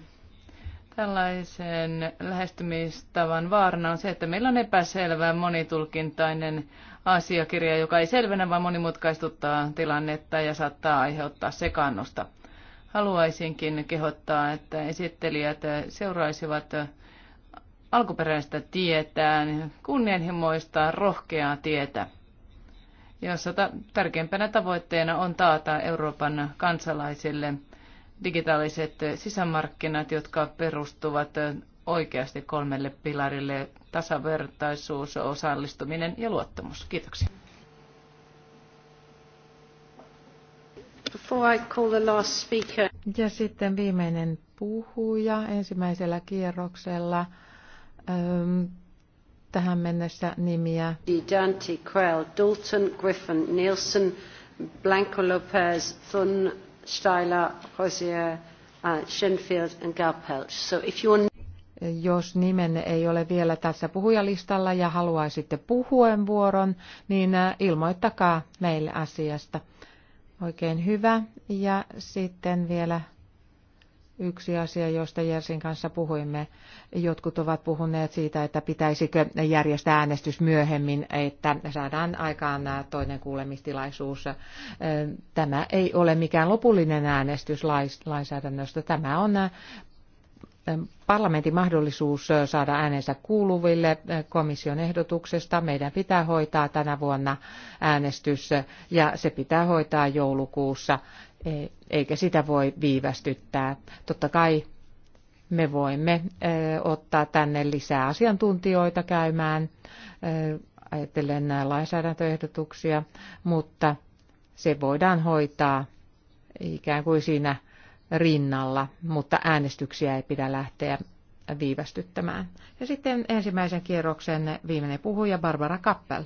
tällaisen lähestymistavan vaarana on se, että meillä on epäselvä monitulkintainen asiakirja, joka ei selvennä, vaan monimutkaistuttaa tilannetta ja saattaa aiheuttaa sekannusta. Haluaisinkin kehottaa, että esittelijät seuraisivat alkuperäistä tietään, kunnianhimoista, rohkeaa tietä, jossa tärkeimpänä tavoitteena on taata Euroopan kansalaisille digitaaliset sisämarkkinat, jotka perustuvat oikeasti kolmelle pilarille tasavertaisuus, osallistuminen ja luottamus. Kiitoksia. Ja sitten viimeinen puhuja ensimmäisellä kierroksella. tähän mennessä nimiä. Dante, Quell, Dalton, Griffin, Nielsen, Blanco Lopez, Thun, Steiler, Rosier, uh, Schenfield and Galpelch. So if you're jos nimenne ei ole vielä tässä puhujalistalla ja haluaisitte vuoron, niin äh, ilmoittakaa meille asiasta. Oikein hyvä. Ja sitten vielä yksi asia, josta Jersin kanssa puhuimme. Jotkut ovat puhuneet siitä, että pitäisikö järjestää äänestys myöhemmin, että saadaan aikaan äh, toinen kuulemistilaisuus. Äh, tämä ei ole mikään lopullinen äänestys lainsäädännöstä. Tämä on Ehm, parlamentin mahdollisuus saada äänensä kuuluville komission ehdotuksesta. Meidän pitää hoitaa tänä vuonna äänestys ja se pitää hoitaa joulukuussa, e, eikä sitä voi viivästyttää. Totta kai me voimme ottaa tänne lisää asiantuntijoita käymään, ajattelen lainsäädäntöehdotuksia, mutta se voidaan hoitaa ikään kuin siinä rinnalla, mutta äänestyksiä ei pidä lähteä viivästyttämään. Ja sitten ensimmäisen kierroksen viimeinen puhuja Barbara Kappel.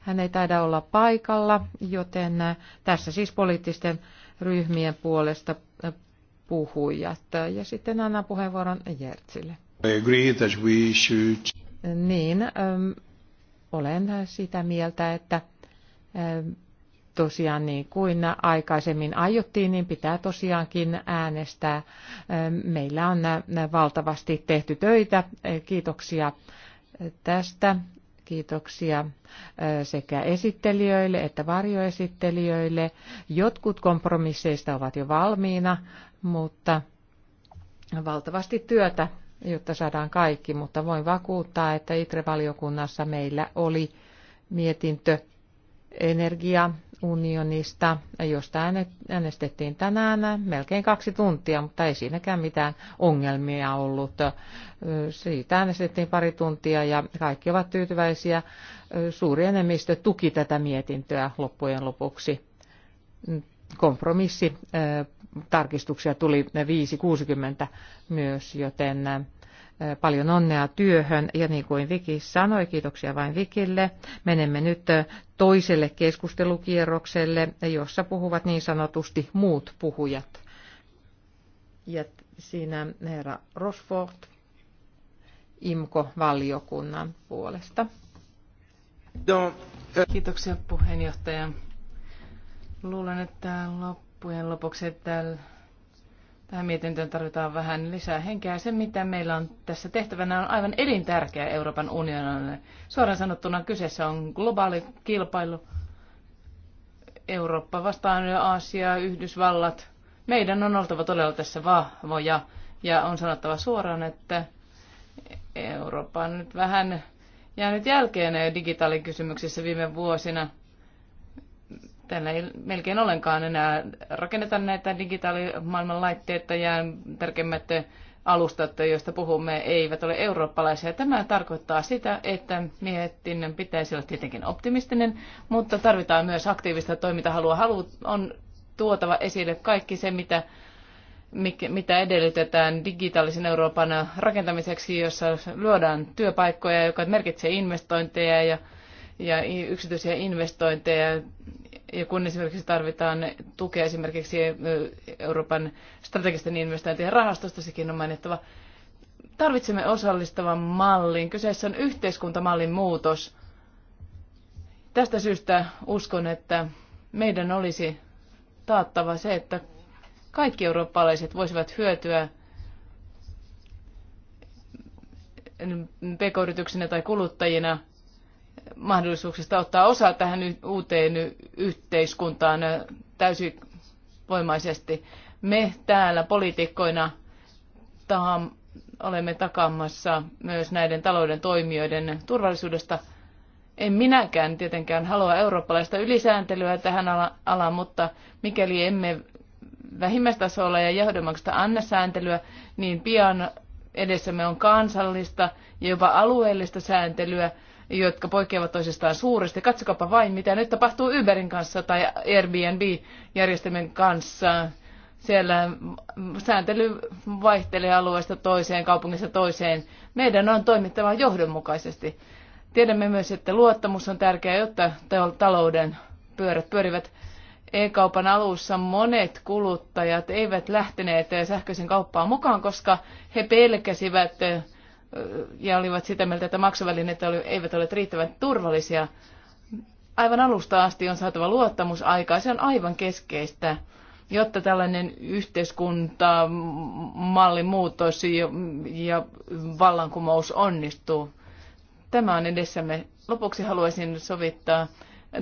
Hän ei taida olla paikalla, joten tässä siis poliittisten ryhmien puolesta puhujat. Ja sitten annan puheenvuoron Jertsille. I agree that we should... Niin, ähm, olen sitä mieltä, että ähm, tosiaan niin kuin aikaisemmin aiottiin, niin pitää tosiaankin äänestää. Meillä on valtavasti tehty töitä. Kiitoksia tästä. Kiitoksia sekä esittelijöille että varjoesittelijöille. Jotkut kompromisseista ovat jo valmiina, mutta valtavasti työtä, jotta saadaan kaikki. Mutta voin vakuuttaa, että ITRE-valiokunnassa meillä oli mietintö energia unionista, josta äänestettiin tänään melkein kaksi tuntia, mutta ei siinäkään mitään ongelmia ollut. Siitä äänestettiin pari tuntia ja kaikki ovat tyytyväisiä. Suuri enemmistö tuki tätä mietintöä loppujen lopuksi. Kompromissi tarkistuksia tuli 560 myös, joten Paljon onnea työhön ja niin kuin Viki sanoi, kiitoksia vain Vikille. Menemme nyt toiselle keskustelukierrokselle, jossa puhuvat niin sanotusti muut puhujat. Ja siinä herra Rosford IMKO-valiokunnan puolesta. Kiitoksia puheenjohtaja. Luulen, että loppujen lopuksi täällä Tähän mietintöön tarvitaan vähän lisää henkeä. Se, mitä meillä on tässä tehtävänä, on aivan elintärkeä Euroopan unionille. Suoraan sanottuna kyseessä on globaali kilpailu. Eurooppa vastaan Aasia, Yhdysvallat. Meidän on oltava todella tässä vahvoja ja on sanottava suoraan, että Eurooppa on nyt vähän jäänyt jälkeen digitaalikysymyksissä viime vuosina – Täällä ei melkein ollenkaan enää rakenneta näitä digitaalimaailman laitteita ja tärkeimmät alustat, joista puhumme, eivät ole eurooppalaisia. Tämä tarkoittaa sitä, että mietinnön pitäisi olla tietenkin optimistinen, mutta tarvitaan myös aktiivista toimintahalua. Halu on tuotava esille kaikki se, mitä, mitä edellytetään digitaalisen Euroopan rakentamiseksi, jossa luodaan työpaikkoja, joka merkitsee investointeja ja, ja yksityisiä investointeja ja kun esimerkiksi tarvitaan tukea esimerkiksi Euroopan strategisten investointien rahastosta, sekin on mainittava, tarvitsemme osallistavan mallin. Kyseessä on yhteiskuntamallin muutos. Tästä syystä uskon, että meidän olisi taattava se, että kaikki eurooppalaiset voisivat hyötyä pk-yrityksinä tai kuluttajina mahdollisuuksista ottaa osaa tähän uuteen yhteiskuntaan täysivoimaisesti. Me täällä poliitikkoina tahan, olemme takaamassa myös näiden talouden toimijoiden turvallisuudesta. En minäkään tietenkään halua eurooppalaista ylisääntelyä tähän alaan, mutta mikäli emme vähimmäistasolla ja johdonmukaista anna sääntelyä, niin pian edessämme on kansallista ja jopa alueellista sääntelyä, jotka poikkeavat toisistaan suuresti. Katsokapa vain, mitä nyt tapahtuu Uberin kanssa tai Airbnb-järjestelmän kanssa. Siellä sääntely vaihtelee alueesta toiseen, kaupungista toiseen. Meidän on toimittava johdonmukaisesti. Tiedämme myös, että luottamus on tärkeää, jotta talouden pyörät pyörivät. E-kaupan alussa monet kuluttajat eivät lähteneet sähköisen kauppaan mukaan, koska he pelkäsivät ja olivat sitä mieltä, että maksuvälineet eivät ole riittävän turvallisia. Aivan alusta asti on saatava luottamus aikaa. Se on aivan keskeistä, jotta tällainen yhteiskunta, malli muutos ja, ja vallankumous onnistuu. Tämä on edessämme. Lopuksi haluaisin sovittaa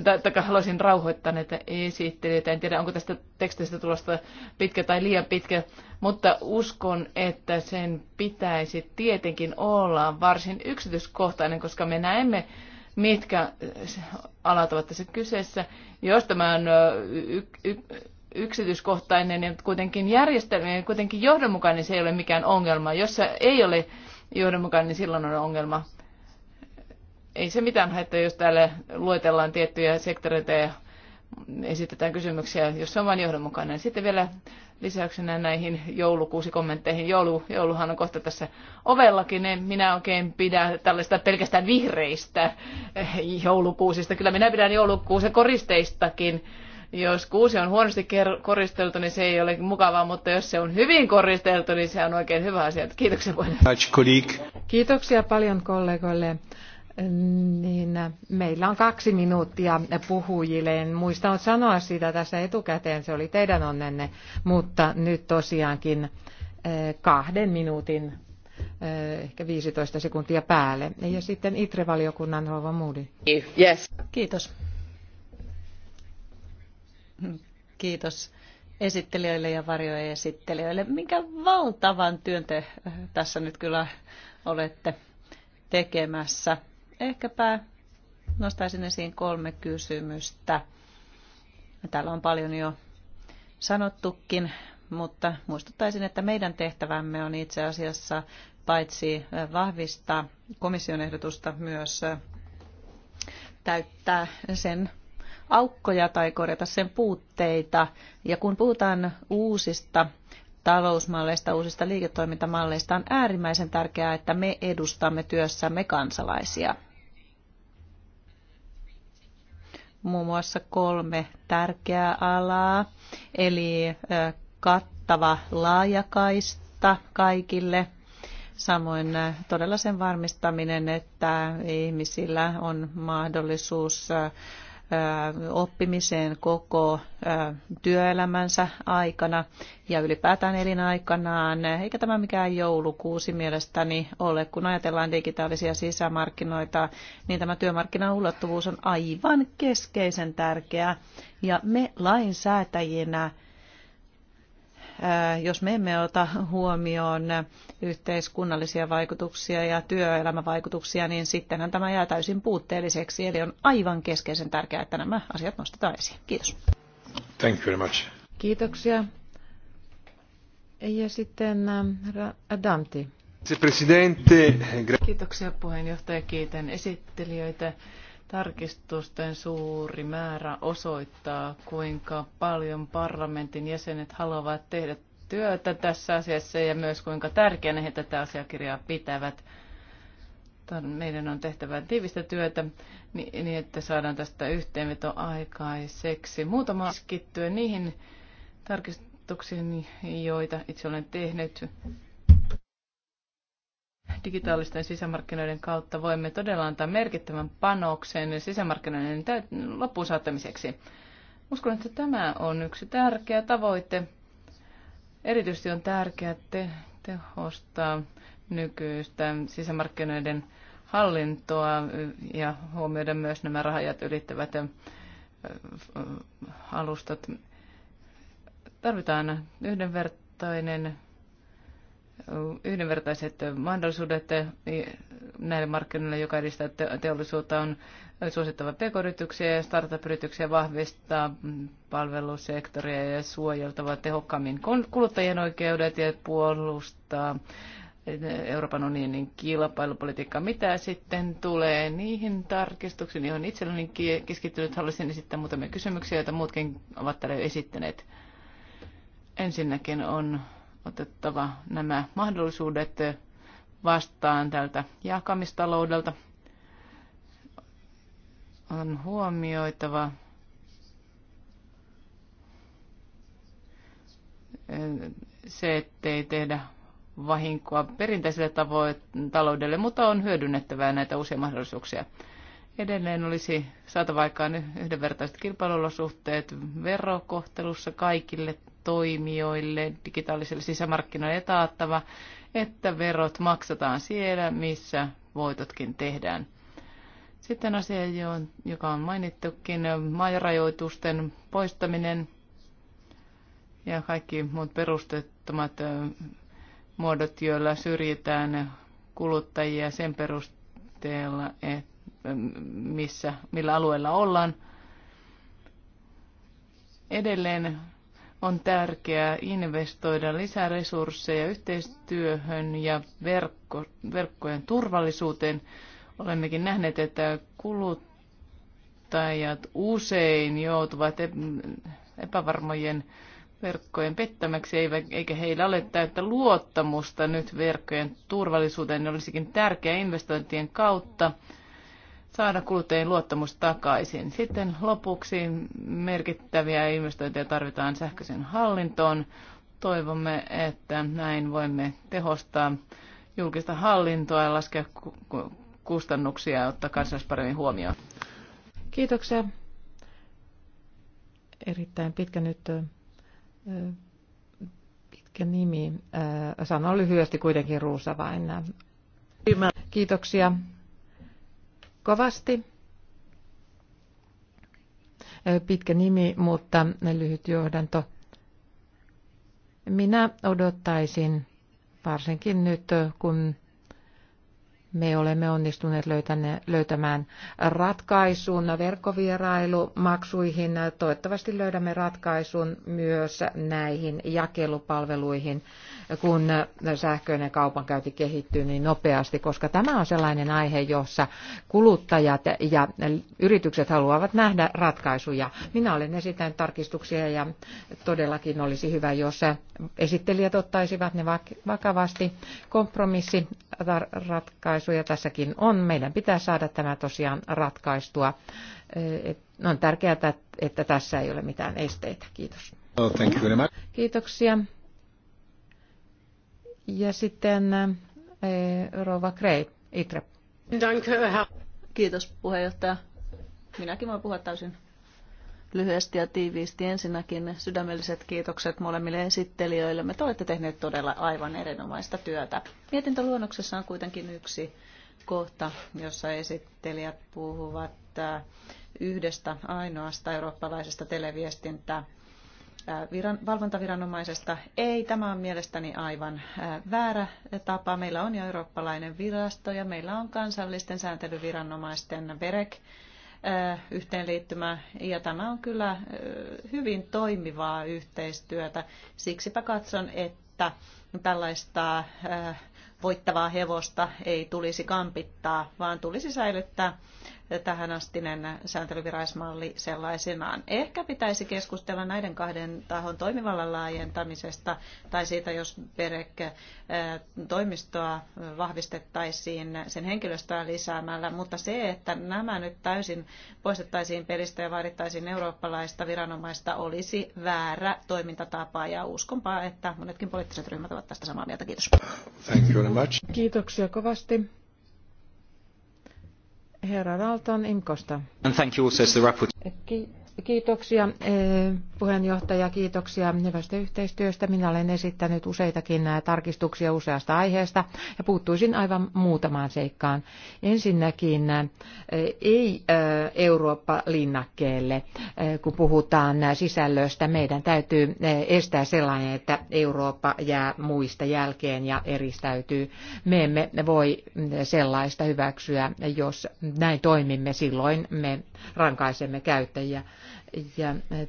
tai haluaisin rauhoittaa näitä esittelyitä. En tiedä, onko tästä tekstistä tulosta pitkä tai liian pitkä, mutta uskon, että sen pitäisi tietenkin olla varsin yksityiskohtainen, koska me näemme, mitkä alat ovat tässä kyseessä. Jos tämä on yksityiskohtainen ja kuitenkin järjestelmä kuitenkin johdonmukainen, se ei ole mikään ongelma. Jos se ei ole johdonmukainen, niin silloin on ongelma ei se mitään haittaa, jos täällä luetellaan tiettyjä sektoreita ja esitetään kysymyksiä, jos se on vain johdonmukainen. Sitten vielä lisäyksenä näihin kommentteihin. Joulu, jouluhan on kohta tässä ovellakin. En minä oikein pidä tällaista pelkästään vihreistä joulukuusista. Kyllä minä pidän joulukuusen koristeistakin. Jos kuusi on huonosti koristeltu, niin se ei ole mukavaa, mutta jos se on hyvin koristeltu, niin se on oikein hyvä asia. Kiitoksia paljon. Kiitoksia paljon kollegoille. Niin, meillä on kaksi minuuttia puhujille. En muista sanoa sitä tässä etukäteen, se oli teidän onnenne, mutta nyt tosiaankin eh, kahden minuutin, eh, ehkä 15 sekuntia päälle. Ja sitten ITRE-valiokunnan rouva Moody. Yes. Kiitos. Kiitos esittelijöille ja varjoesittelijöille. Minkä valtavan työn te eh, tässä nyt kyllä olette tekemässä. Ehkäpä nostaisin esiin kolme kysymystä. Täällä on paljon jo sanottukin, mutta muistuttaisin, että meidän tehtävämme on itse asiassa paitsi vahvistaa komission ehdotusta myös täyttää sen aukkoja tai korjata sen puutteita. Ja kun puhutaan uusista talousmalleista, uusista liiketoimintamalleista, on äärimmäisen tärkeää, että me edustamme työssämme kansalaisia – muun muassa kolme tärkeää alaa, eli kattava laajakaista kaikille, samoin todella sen varmistaminen, että ihmisillä on mahdollisuus oppimiseen koko työelämänsä aikana ja ylipäätään elinaikanaan. Eikä tämä mikään joulukuusi mielestäni ole. Kun ajatellaan digitaalisia sisämarkkinoita, niin tämä työmarkkinan ulottuvuus on aivan keskeisen tärkeä. Ja me lainsäätäjinä Äh, jos me emme ota huomioon yhteiskunnallisia vaikutuksia ja työelämävaikutuksia, niin sittenhän tämä jää täysin puutteelliseksi. Eli on aivan keskeisen tärkeää, että nämä asiat nostetaan esiin. Kiitos. Thank you very much. Kiitoksia. Ja sitten äh, Adamti. Äh, Kiitoksia puheenjohtaja. Kiitän esittelijöitä. Tarkistusten suuri määrä osoittaa, kuinka paljon parlamentin jäsenet haluavat tehdä työtä tässä asiassa ja myös kuinka tärkeänä he tätä asiakirjaa pitävät. Meidän on tehtävä tiivistä työtä niin, että saadaan tästä yhteenveto aikaiseksi. Muutama keskittyen niihin tarkistuksiin, joita itse olen tehnyt digitaalisten sisämarkkinoiden kautta voimme todella antaa merkittävän panoksen sisämarkkinoiden loppuun saattamiseksi. Uskon, että tämä on yksi tärkeä tavoite. Erityisesti on tärkeää te- tehostaa nykyistä sisämarkkinoiden hallintoa ja huomioida myös nämä rahajat ylittävät alustat. Tarvitaan yhdenvertainen yhdenvertaiset mahdollisuudet eh, näille markkinoille, joka edistää teollisuutta, on suosittava pk-yrityksiä ja startup-yrityksiä vahvistaa palvelusektoria ja suojeltava tehokkaammin kuluttajien oikeudet ja puolustaa Euroopan unionin kilpailupolitiikkaa. Mitä sitten tulee niihin tarkistuksiin, joihin itselleni keskittynyt, haluaisin esittää muutamia kysymyksiä, joita muutkin ovat täällä jo esittäneet. Ensinnäkin on otettava nämä mahdollisuudet vastaan tältä jakamistaloudelta. On huomioitava se, ettei tehdä vahinkoa perinteiselle tavoin taloudelle, mutta on hyödynnettävää näitä uusia mahdollisuuksia. Edelleen olisi saatava aikaan yhdenvertaiset kilpailuolosuhteet verokohtelussa kaikille toimijoille digitaalisille sisämarkkinoille taattava, että verot maksataan siellä, missä voitotkin tehdään. Sitten asia, joka on mainittukin, maajarajoitusten poistaminen ja kaikki muut perustettomat muodot, joilla syrjitään kuluttajia sen perusteella, että missä, millä alueella ollaan. Edelleen on tärkeää investoida lisää resursseja yhteistyöhön ja verkko, verkkojen turvallisuuteen. Olemmekin nähneet, että kuluttajat usein joutuvat epävarmojen verkkojen pettämäksi, eikä heillä ole täyttä luottamusta nyt verkkojen turvallisuuteen. Ne olisikin tärkeä investointien kautta saada kuluttajien luottamus takaisin. Sitten lopuksi merkittäviä investointeja tarvitaan sähköisen hallintoon. Toivomme, että näin voimme tehostaa julkista hallintoa ja laskea kustannuksia ja ottaa kansalais paremmin huomioon. Kiitoksia. Erittäin pitkä nyt pitkä nimi. Sanon lyhyesti kuitenkin Ruusavainen. Kiitoksia kovasti. Pitkä nimi, mutta lyhyt johdanto. Minä odottaisin, varsinkin nyt kun me olemme onnistuneet löytämään ratkaisun verkkovierailumaksuihin. Toivottavasti löydämme ratkaisun myös näihin jakelupalveluihin, kun sähköinen kaupankäynti kehittyy niin nopeasti, koska tämä on sellainen aihe, jossa kuluttajat ja yritykset haluavat nähdä ratkaisuja. Minä olen esittänyt tarkistuksia ja todellakin olisi hyvä, jos esittelijät ottaisivat ne vakavasti kompromissiratkaisuja ratkaisuja tässäkin on. Meidän pitää saada tämä tosiaan ratkaistua. Eh, on tärkeää, että tässä ei ole mitään esteitä. Kiitos. Kiitoksia. Ja sitten eh, Rova Grey, Itre. Kiitos puheenjohtaja. Minäkin voin puhua täysin lyhyesti ja tiiviisti. Ensinnäkin sydämelliset kiitokset molemmille esittelijöille. Me te olette tehneet todella aivan erinomaista työtä. Mietintöluonnoksessa on kuitenkin yksi kohta, jossa esittelijät puhuvat äh, yhdestä ainoasta eurooppalaisesta televiestintää äh, viran, valvontaviranomaisesta. Ei, tämä on mielestäni aivan äh, väärä tapa. Meillä on jo eurooppalainen virasto ja meillä on kansallisten sääntelyviranomaisten VEREK, yhteenliittymä ja tämä on kyllä hyvin toimivaa yhteistyötä. Siksipä katson, että tällaista voittavaa hevosta ei tulisi kampittaa, vaan tulisi säilyttää tähänastinen sääntelyviraismalli sellaisenaan. Ehkä pitäisi keskustella näiden kahden tahon toimivallan laajentamisesta tai siitä, jos perek eh, toimistoa vahvistettaisiin sen henkilöstöä lisäämällä, mutta se, että nämä nyt täysin poistettaisiin pelistä ja vaadittaisiin eurooppalaista viranomaista, olisi väärä toimintatapa ja uskonpa, että monetkin poliittiset ryhmät ovat tästä samaa mieltä. Kiitos. Thank you very much. Kiitoksia kovasti herra Dalton Imkosta. And thank you also as the rapport. Kiitoksia eh, puheenjohtaja, kiitoksia hyvästä yhteistyöstä. Minä olen esittänyt useitakin eh, tarkistuksia useasta aiheesta ja puuttuisin aivan muutamaan seikkaan. Ensinnäkin eh, ei Eurooppa-linnakkeelle, kun puhutaan sisällöstä. Meidän täytyy estää sellainen, että Eurooppa jää muista jälkeen ja eristäytyy. Me emme voi sellaista hyväksyä, jos näin toimimme. Silloin me rankaisemme käyttäjiä ja eh,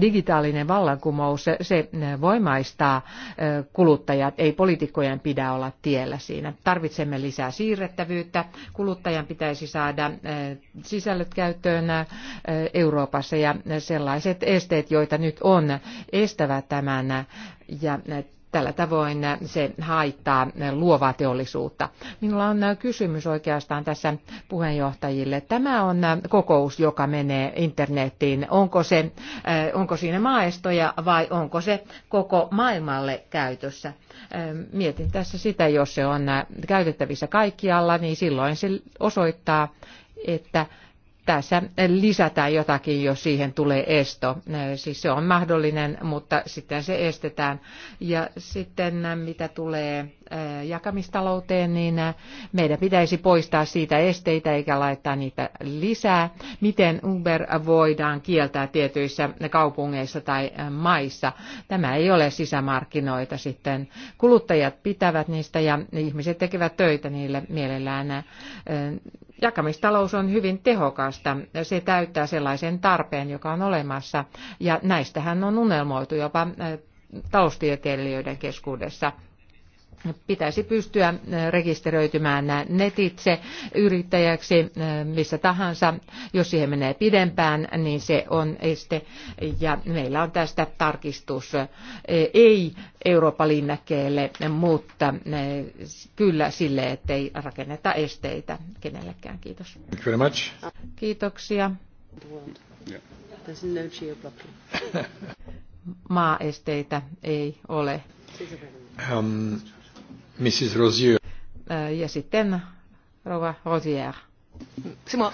digitaalinen vallankumous, se eh, voimaistaa eh, kuluttajat, ei poliitikkojen pidä olla tiellä siinä. Tarvitsemme lisää siirrettävyyttä, kuluttajan pitäisi saada sisällöt käyttöön Euroopassa ja sellaiset esteet, joita nyt on, estävät tämän ja Tällä tavoin se haittaa luovaa teollisuutta. Minulla on kysymys oikeastaan tässä puheenjohtajille. Tämä on kokous, joka menee internettiin. Onko, se, eh, onko siinä maestoja vai onko se koko maailmalle käytössä? Eh, mietin tässä sitä, jos se on käytettävissä kaikkialla, niin silloin se osoittaa, että tässä lisätään jotakin, jos siihen tulee esto. Siis se on mahdollinen, mutta sitten se estetään. Ja sitten mitä tulee eh, jakamistalouteen, niin eh, meidän pitäisi poistaa siitä esteitä eikä laittaa niitä lisää. Miten Uber voidaan kieltää tietyissä kaupungeissa tai eh, maissa? Tämä ei ole sisämarkkinoita sitten. Kuluttajat pitävät niistä ja ihmiset tekevät töitä niille mielellään Jakamistalous on hyvin tehokasta. Se täyttää sellaisen tarpeen, joka on olemassa. Ja näistähän on unelmoitu jopa taloustieteilijöiden keskuudessa pitäisi pystyä äh, rekisteröitymään netitse yrittäjäksi äh, missä tahansa. Jos siihen menee pidempään, niin se on este. Ja meillä on tästä tarkistus äh, ei Euroopan linnäkkeelle mutta kyllä sille, ettei rakenneta esteitä kenellekään. Kiitos. Thank you very much. Kiitoksia. No Maaesteitä ei ole. Um, Mrs. Rosier. Ja sitten rouva Rosier. C'est moi.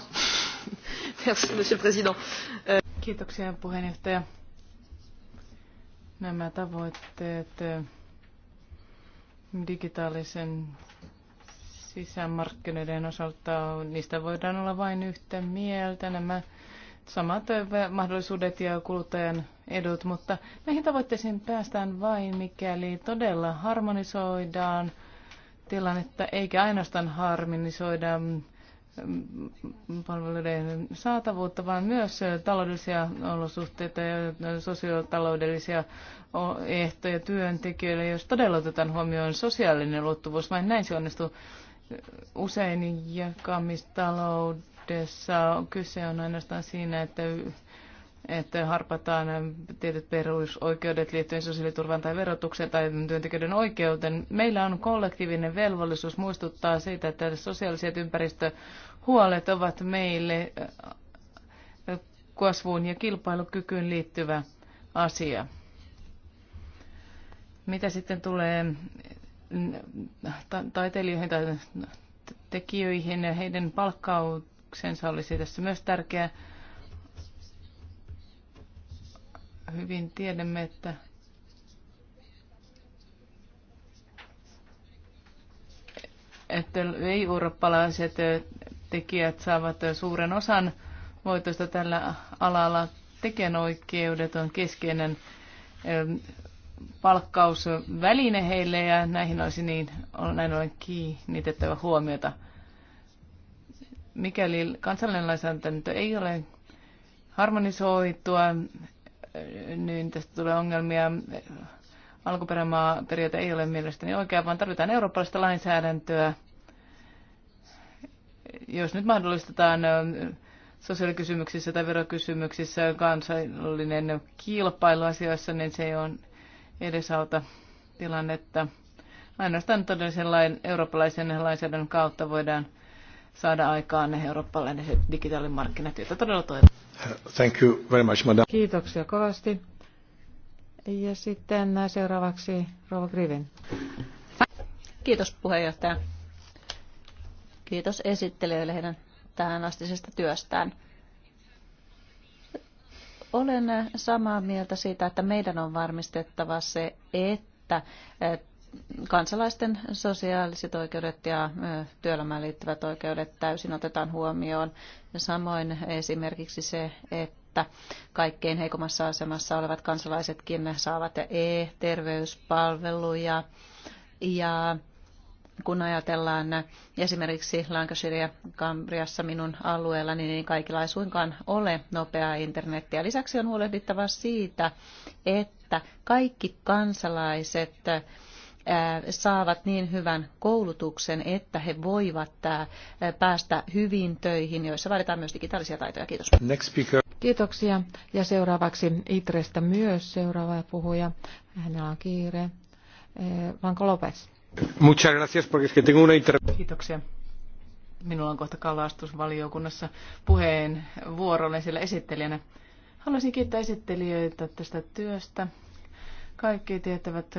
Merci, monsieur le président. Kiitoksia puheenjohtaja. Nämä tavoitteet digitaalisen sisämarkkinoiden osalta niistä voidaan olla vain yhtä mieltä. Nämä samat mahdollisuudet ja kuluttajan edut, mutta näihin tavoitteisiin päästään vain, mikäli todella harmonisoidaan tilannetta, eikä ainoastaan harmonisoida mm, mm, palveluiden saatavuutta, vaan myös taloudellisia olosuhteita ja sosiaalitaloudellisia ehtoja työntekijöille, jos todella otetaan huomioon sosiaalinen ulottuvuus, vain näin se onnistuu usein jakamistalous kohdessa kyse on ainoastaan siinä, että että harpataan tietyt perusoikeudet liittyen sosiaaliturvan tai verotukseen tai työntekijöiden oikeuteen. Meillä on kollektiivinen velvollisuus muistuttaa siitä, että sosiaaliset ympäristöhuolet ovat meille kasvuun ja kilpailukykyyn liittyvä asia. Mitä sitten tulee taiteilijoihin tai tekijöihin ja heidän palkkauteen? panoksensa olisi tässä myös tärkeä. Hyvin tiedämme, että että ei-eurooppalaiset tekijät saavat suuren osan voitosta tällä alalla. Tekijänoikeudet on keskeinen palkkausväline heille ja näihin olisi niin, näin ollen kiinnitettävä huomiota mikäli kansallinen lainsäädäntö ei ole harmonisoitua, niin tästä tulee ongelmia. Alkuperämaa periaate ei ole mielestäni oikea, vaan tarvitaan eurooppalaista lainsäädäntöä. Jos nyt mahdollistetaan sosiaalikysymyksissä tai verokysymyksissä kansallinen kilpailu asioissa, niin se ei on edesauta tilannetta. Ainoastaan todellisen lain, eurooppalaisen lainsäädännön kautta voidaan saada aikaan ne eurooppalaiset digitaalimarkkinat, joita todella toivon. Thank you very much, madam. Kiitoksia kovasti. Ja sitten seuraavaksi Rova Grivin. Kiitos puheenjohtaja. Kiitos esittelijöille heidän tähän astisesta työstään. Olen samaa mieltä siitä, että meidän on varmistettava se, että kansalaisten sosiaaliset oikeudet ja työelämään liittyvät oikeudet täysin otetaan huomioon. Samoin esimerkiksi se, että kaikkein heikommassa asemassa olevat kansalaisetkin saavat e-terveyspalveluja ja kun ajatellaan esimerkiksi Lancashire ja Cambriassa minun alueellani, niin kaikilla ei suinkaan ole nopeaa internettiä. Lisäksi on huolehdittava siitä, että kaikki kansalaiset saavat niin hyvän koulutuksen, että he voivat päästä hyvin töihin, joissa vaaditaan myös digitaalisia taitoja. Kiitos. Next speaker. Kiitoksia. Ja seuraavaksi Itrestä myös seuraava puhuja. Hänellä on kiire. Vanko Lopes. Muchas gracias, porque es que tengo una inter... Kiitoksia. Minulla on kohta kalastusvaliokunnassa puheen vuorolle siellä esittelijänä. Haluaisin kiittää esittelijöitä tästä työstä. Kaikki tietävät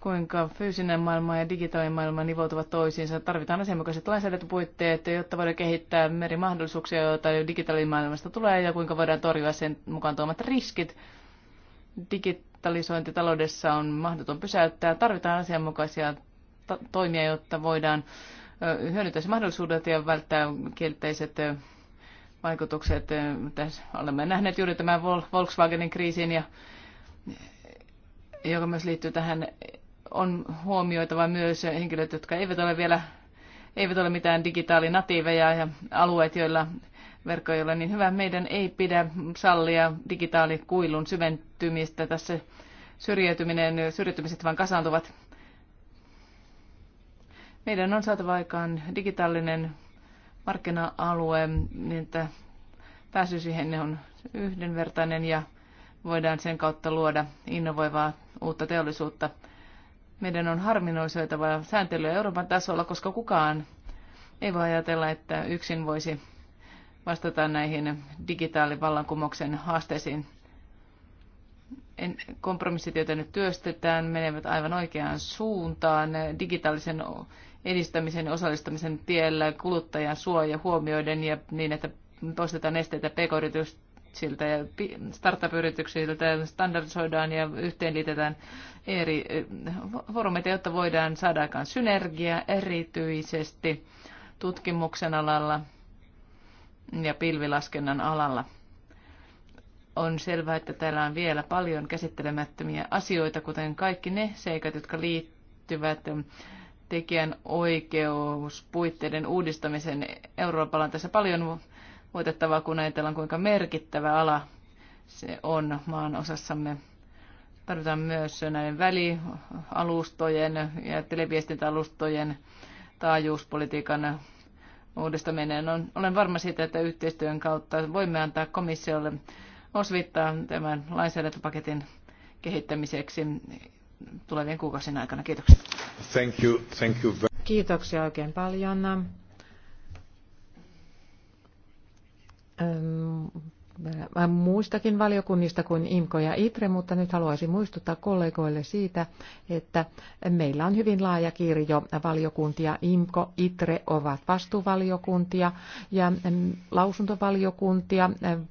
kuinka fyysinen maailma ja digitaalinen maailma nivoutuvat toisiinsa. Tarvitaan asianmukaiset lainsäädäntöpuitteet, jotta voidaan kehittää merimahdollisuuksia, joita digitaalimaailmasta tulee, ja kuinka voidaan torjua sen mukaan tuomat riskit. Digitalisointi taloudessa on mahdoton pysäyttää. Tarvitaan asianmukaisia toimia, jotta voidaan hyödyntää se mahdollisuudet ja välttää kielteiset vaikutukset. Tässä olemme nähneet juuri tämän Volkswagenin kriisin, ja, joka myös liittyy tähän on huomioitava myös henkilöt, jotka eivät ole vielä eivät ole mitään digitaalinatiiveja ja alueet, joilla verkko ei ole niin hyvä. Meidän ei pidä sallia digitaalikuilun syventymistä. Tässä syrjäytyminen, syrjäytymiset vain kasaantuvat. Meidän on saatava aikaan digitaalinen markkina-alue, niin että pääsy siihen on yhdenvertainen ja voidaan sen kautta luoda innovoivaa uutta teollisuutta – meidän on harminoisoitava sääntelyä Euroopan tasolla, koska kukaan ei voi ajatella, että yksin voisi vastata näihin digitaalivallankumouksen haasteisiin. Kompromissit, joita nyt työstetään, menevät aivan oikeaan suuntaan digitaalisen edistämisen ja osallistamisen tiellä kuluttajan suoja huomioiden ja niin, että poistetaan esteitä pk siltä ja startup-yrityksiltä standardisoidaan ja yhteenliitetään eri foorumeita, jotta voidaan saada aikaan synergia erityisesti tutkimuksen alalla ja pilvilaskennan alalla. On selvää, että täällä on vielä paljon käsittelemättömiä asioita, kuten kaikki ne seikat, jotka liittyvät tekijän oikeuspuitteiden uudistamisen Euroopalla on tässä paljon voitettavaa, kun ajatellaan kuinka merkittävä ala se on maan osassamme. Tarvitaan myös näiden välialustojen ja televiestintäalustojen taajuuspolitiikan uudistaminen. On, olen varma siitä, että yhteistyön kautta voimme antaa komissiolle osvittaa tämän lainsäädäntöpaketin kehittämiseksi tulevien kuukausien aikana. Kiitoksia. Thank you. Thank you. Kiitoksia oikein paljon. muistakin valiokunnista kuin IMKO ja ITRE, mutta nyt haluaisin muistuttaa kollegoille siitä, että meillä on hyvin laaja kirjo valiokuntia. IMKO, ITRE ovat vastuuvaliokuntia ja lausuntovaliokuntia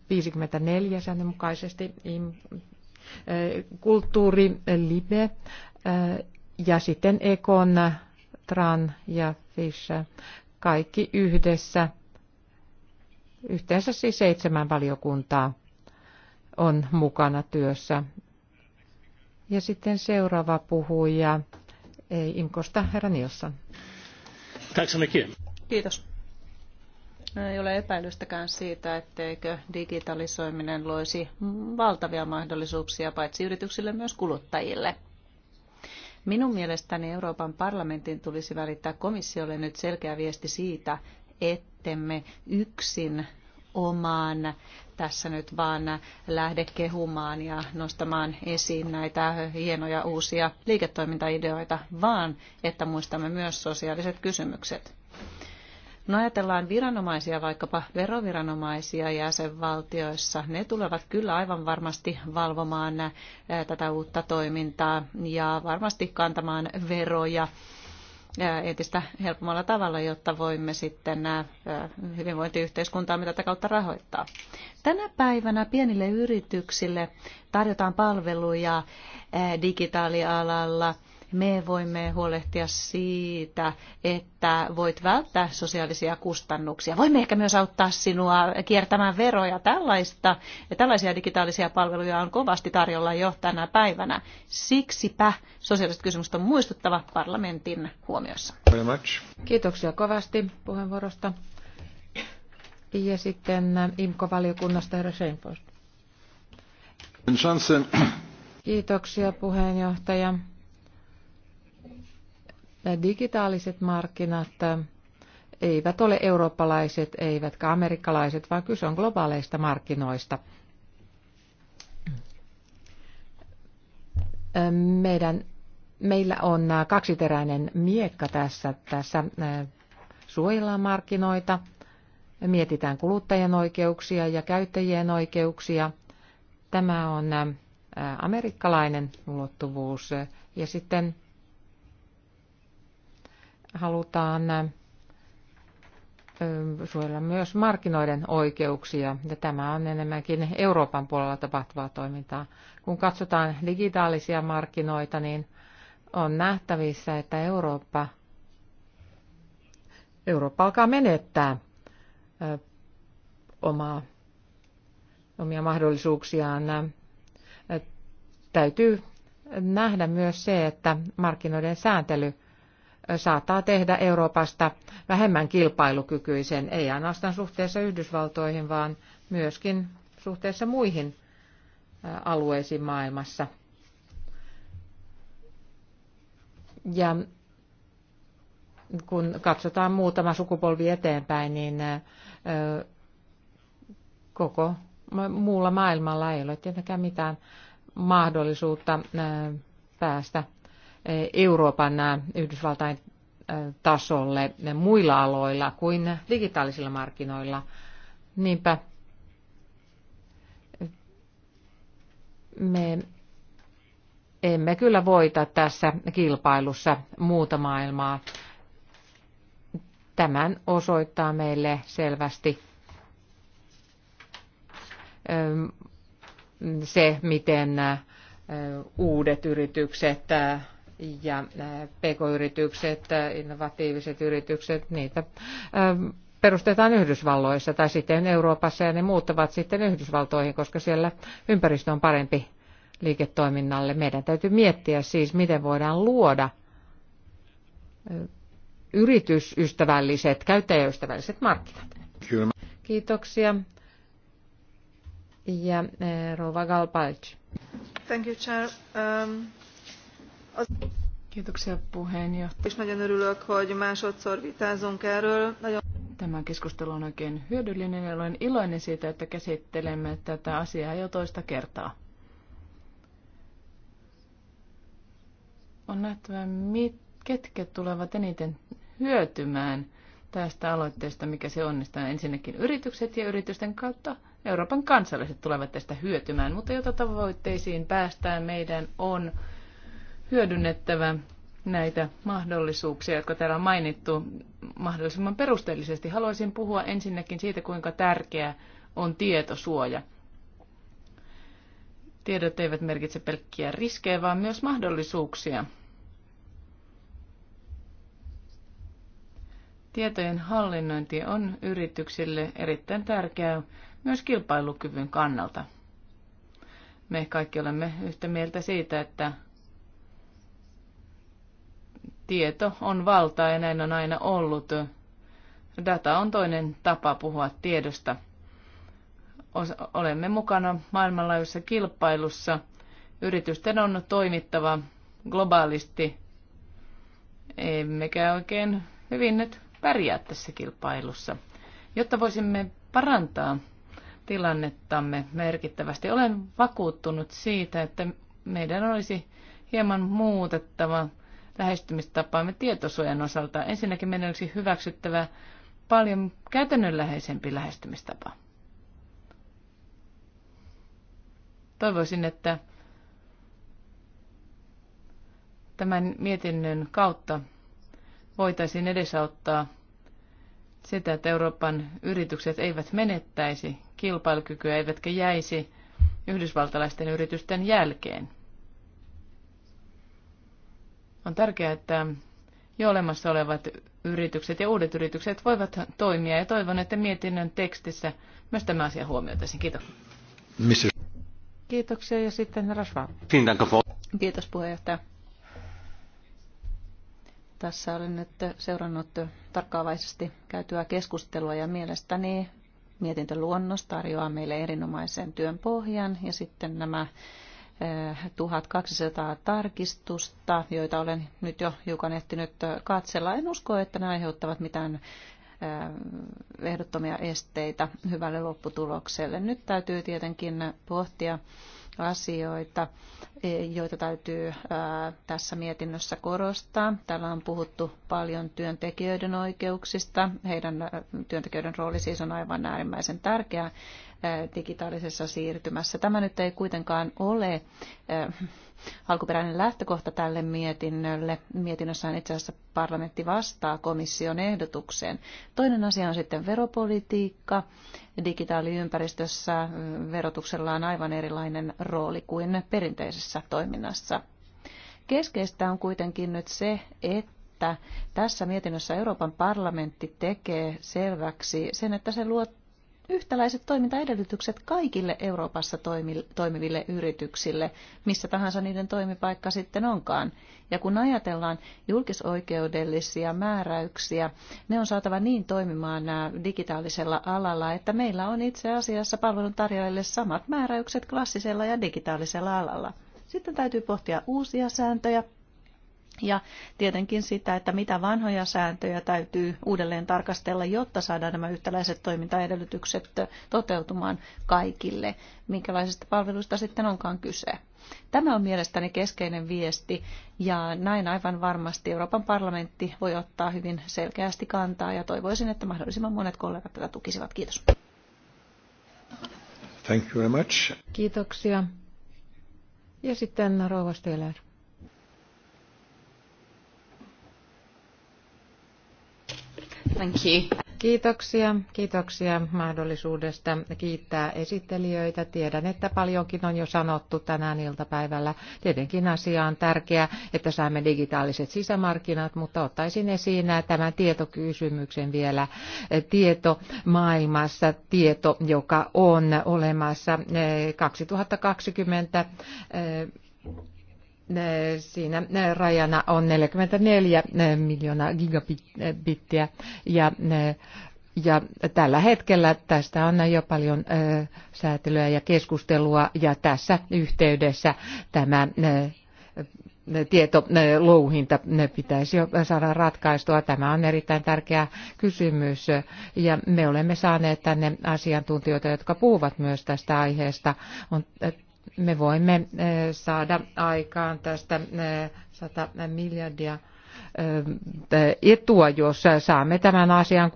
54 säännön mukaisesti kulttuuri, libe ja sitten Ekon, Tran ja Fish kaikki yhdessä Yhteensä siis seitsemän valiokuntaa on mukana työssä. Ja sitten seuraava puhuja Imkosta, herra Nilsson. Kiitos. No, ei ole epäilystäkään siitä, etteikö digitalisoiminen loisi valtavia mahdollisuuksia paitsi yrityksille myös kuluttajille. Minun mielestäni Euroopan parlamentin tulisi välittää komissiolle nyt selkeä viesti siitä, ettemme yksin omaan tässä nyt vaan lähde kehumaan ja nostamaan esiin näitä hienoja uusia liiketoimintaideoita, vaan että muistamme myös sosiaaliset kysymykset. No ajatellaan viranomaisia, vaikkapa veroviranomaisia jäsenvaltioissa. Ne tulevat kyllä aivan varmasti valvomaan tätä uutta toimintaa ja varmasti kantamaan veroja entistä helpommalla tavalla, jotta voimme sitten nämä mitä tätä kautta rahoittaa. Tänä päivänä pienille yrityksille tarjotaan palveluja digitaalialalla – me voimme huolehtia siitä, että voit välttää sosiaalisia kustannuksia. Voimme ehkä myös auttaa sinua kiertämään veroja. Tällaista, tällaisia digitaalisia palveluja on kovasti tarjolla jo tänä päivänä. Siksipä sosiaaliset kysymykset on muistuttava parlamentin huomiossa. Kiitoksia kovasti puheenvuorosta. Ja sitten IMKO-valiokunnasta herra Seinfeld. Kiitoksia puheenjohtaja digitaaliset markkinat eivät ole eurooppalaiset eivätkä amerikkalaiset, vaan kyse on globaaleista markkinoista. Meidän, meillä on kaksiteräinen miekka tässä. Tässä äh, suojellaan markkinoita, mietitään kuluttajan oikeuksia ja käyttäjien oikeuksia. Tämä on äh, amerikkalainen ulottuvuus. Ja sitten halutaan suojella myös markkinoiden oikeuksia, ja tämä on enemmänkin Euroopan puolella tapahtuvaa toimintaa. Kun katsotaan digitaalisia markkinoita, niin on nähtävissä, että Eurooppa, Eurooppa alkaa menettää omaa, omia mahdollisuuksiaan. täytyy nähdä myös se, että markkinoiden sääntely – saattaa tehdä Euroopasta vähemmän kilpailukykyisen, ei ainoastaan suhteessa Yhdysvaltoihin, vaan myöskin suhteessa muihin alueisiin maailmassa. Ja kun katsotaan muutama sukupolvi eteenpäin, niin koko muulla maailmalla ei ole tietenkään mitään mahdollisuutta päästä Eh, Euroopan eh, Yhdysvaltain eh, tasolle muilla aloilla kuin digitaalisilla markkinoilla. Niinpä me emme kyllä voita tässä kilpailussa muuta maailmaa. Tämän osoittaa meille selvästi se, miten uudet yritykset ja äh, pk-yritykset, innovatiiviset yritykset, niitä ähm, perustetaan Yhdysvalloissa tai sitten Euroopassa ja ne muuttavat sitten Yhdysvaltoihin, koska siellä ympäristö on parempi liiketoiminnalle. Meidän täytyy miettiä siis, miten voidaan luoda äh, yritysystävälliset, käyttäjäystävälliset markkinat. Kyllä. Kiitoksia. Ja äh, Rova Galpalci. Thank you, Chair. Um... Kiitoksia puheenjohtaja. nagyon örülök, hogy másodszor vitázunk erről. Nagyon... Tämä keskustelu on oikein hyödyllinen ja olen iloinen siitä, että käsittelemme tätä asiaa jo toista kertaa. On nähtävä, mit, ketkä tulevat eniten hyötymään tästä aloitteesta, mikä se onnistaa. Ensinnäkin yritykset ja yritysten kautta Euroopan kansalaiset tulevat tästä hyötymään, mutta jotta tavoitteisiin päästään, meidän on hyödynnettävä näitä mahdollisuuksia, jotka täällä on mainittu mahdollisimman perusteellisesti. Haluaisin puhua ensinnäkin siitä, kuinka tärkeä on tietosuoja. Tiedot eivät merkitse pelkkiä riskejä, vaan myös mahdollisuuksia. Tietojen hallinnointi on yrityksille erittäin tärkeää myös kilpailukyvyn kannalta. Me kaikki olemme yhtä mieltä siitä, että Tieto on valtaa ja näin on aina ollut. Data on toinen tapa puhua tiedosta. Olemme mukana maailmanlaajuisessa kilpailussa. Yritysten on toimittava globaalisti. Emmekä oikein hyvin nyt pärjää tässä kilpailussa. Jotta voisimme parantaa tilannettamme merkittävästi, olen vakuuttunut siitä, että meidän olisi hieman muutettava lähestymistapaamme tietosuojan osalta. Ensinnäkin meidän olisi hyväksyttävä paljon käytännönläheisempi lähestymistapa. Toivoisin, että tämän mietinnön kautta voitaisiin edesauttaa sitä, että Euroopan yritykset eivät menettäisi kilpailukykyä eivätkä jäisi yhdysvaltalaisten yritysten jälkeen. On tärkeää, että jo olemassa olevat yritykset ja uudet yritykset voivat toimia ja toivon, että mietinnön tekstissä myös tämä asia huomioitaisiin. Kiitos. Kiitoksia ja sitten Rasva. Kiitos puheenjohtaja. Tässä olen nyt seurannut tarkkaavaisesti käytyä keskustelua ja mielestäni mietintöluonnos tarjoaa meille erinomaisen työn pohjan ja sitten nämä 1200 eh, tarkistusta, joita olen nyt jo hiukan ehtinyt eh, katsella. En usko, että ne aiheuttavat mitään eh, ehdottomia esteitä hyvälle lopputulokselle. Nyt täytyy tietenkin pohtia asioita, e, joita täytyy tässä mietinnössä korostaa. Täällä on puhuttu paljon työntekijöiden oikeuksista. Heidän työntekijöiden rooli siis on aivan äärimmäisen tärkeä digitaalisessa siirtymässä. Tämä nyt ei kuitenkaan ole alkuperäinen lähtökohta tälle mietinnölle. on itse asiassa parlamentti vastaa komission ehdotukseen. Toinen asia on sitten veropolitiikka. Digitaaliympäristössä verotuksella on aivan erilainen rooli kuin perinteisessä toiminnassa. Keskeistä on kuitenkin nyt se, että että tässä mietinnössä Euroopan parlamentti tekee selväksi sen, että se luottaa yhtäläiset toimintaedellytykset kaikille Euroopassa toimiville yrityksille, missä tahansa niiden toimipaikka sitten onkaan. Ja kun ajatellaan julkisoikeudellisia määräyksiä, ne on saatava niin toimimaan äh, digitaalisella alalla, että meillä on itse asiassa palveluntarjoajille samat määräykset klassisella ja digitaalisella alalla. Sitten täytyy pohtia uusia sääntöjä, ja tietenkin sitä, että mitä vanhoja sääntöjä täytyy uudelleen tarkastella, jotta saadaan nämä yhtäläiset toimintaedellytykset toteutumaan kaikille, minkälaisista palveluista sitten onkaan kyse. Tämä on mielestäni keskeinen viesti ja näin aivan varmasti Euroopan parlamentti voi ottaa hyvin selkeästi kantaa ja toivoisin, että mahdollisimman monet kollegat tätä tukisivat. Kiitos. Thank you very much. Kiitoksia. Ja sitten Rouva Thank you. Kiitoksia, kiitoksia mahdollisuudesta kiittää esittelijöitä. Tiedän, että paljonkin on jo sanottu tänään iltapäivällä. Tietenkin asia on tärkeä, että saamme digitaaliset sisämarkkinat, mutta ottaisin esiin tämän tietokysymyksen vielä. Tieto maailmassa, tieto, joka on olemassa 2020 eh, Siinä rajana on 44 miljoonaa gigabittiä ja ja tällä hetkellä tästä on jo paljon säätelyä ja keskustelua ja tässä yhteydessä tämä tietolouhinta pitäisi jo saada ratkaistua. Tämä on erittäin tärkeä kysymys ja me olemme saaneet tänne asiantuntijoita, jotka puhuvat myös tästä aiheesta. On me voimme eh, saada aikaan tästä 100 eh, miljardia eh, etua, jos saamme tämän asian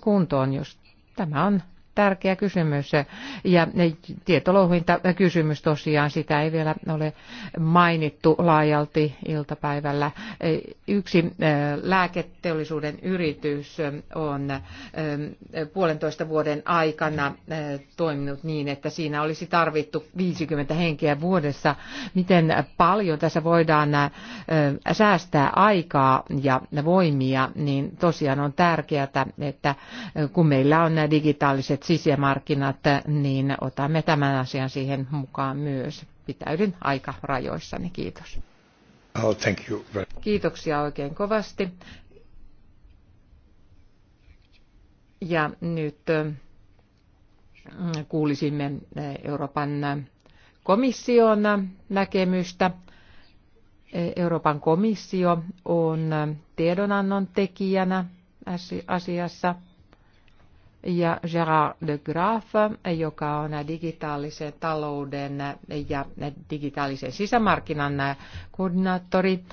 kuntoon, jos tämä on tärkeä kysymys. Ja tietolouhinta kysymys tosiaan, sitä ei vielä ole mainittu laajalti iltapäivällä. Yksi eh, lääketeollisuuden yritys eh, on eh, puolentoista vuoden aikana toiminut niin, että siinä olisi tarvittu 50 henkeä vuodessa. Miten paljon tässä voidaan säästää aikaa ja voimia, niin tosiaan on tärkeää, että kun meillä on nämä digitaaliset sisämarkkinat, niin otamme tämän asian siihen mukaan myös. Pitäydyn aika rajoissani. Kiitos. Oh, thank you Kiitoksia oikein kovasti. Ja nyt äh, kuulisimme äh, Euroopan komission näkemystä. Äh, Euroopan komissio on tiedonannon tekijänä asiassa ja Gerard de Graaf, joka on digitaalisen talouden ja digitaalisen sisämarkkinan koordinaattori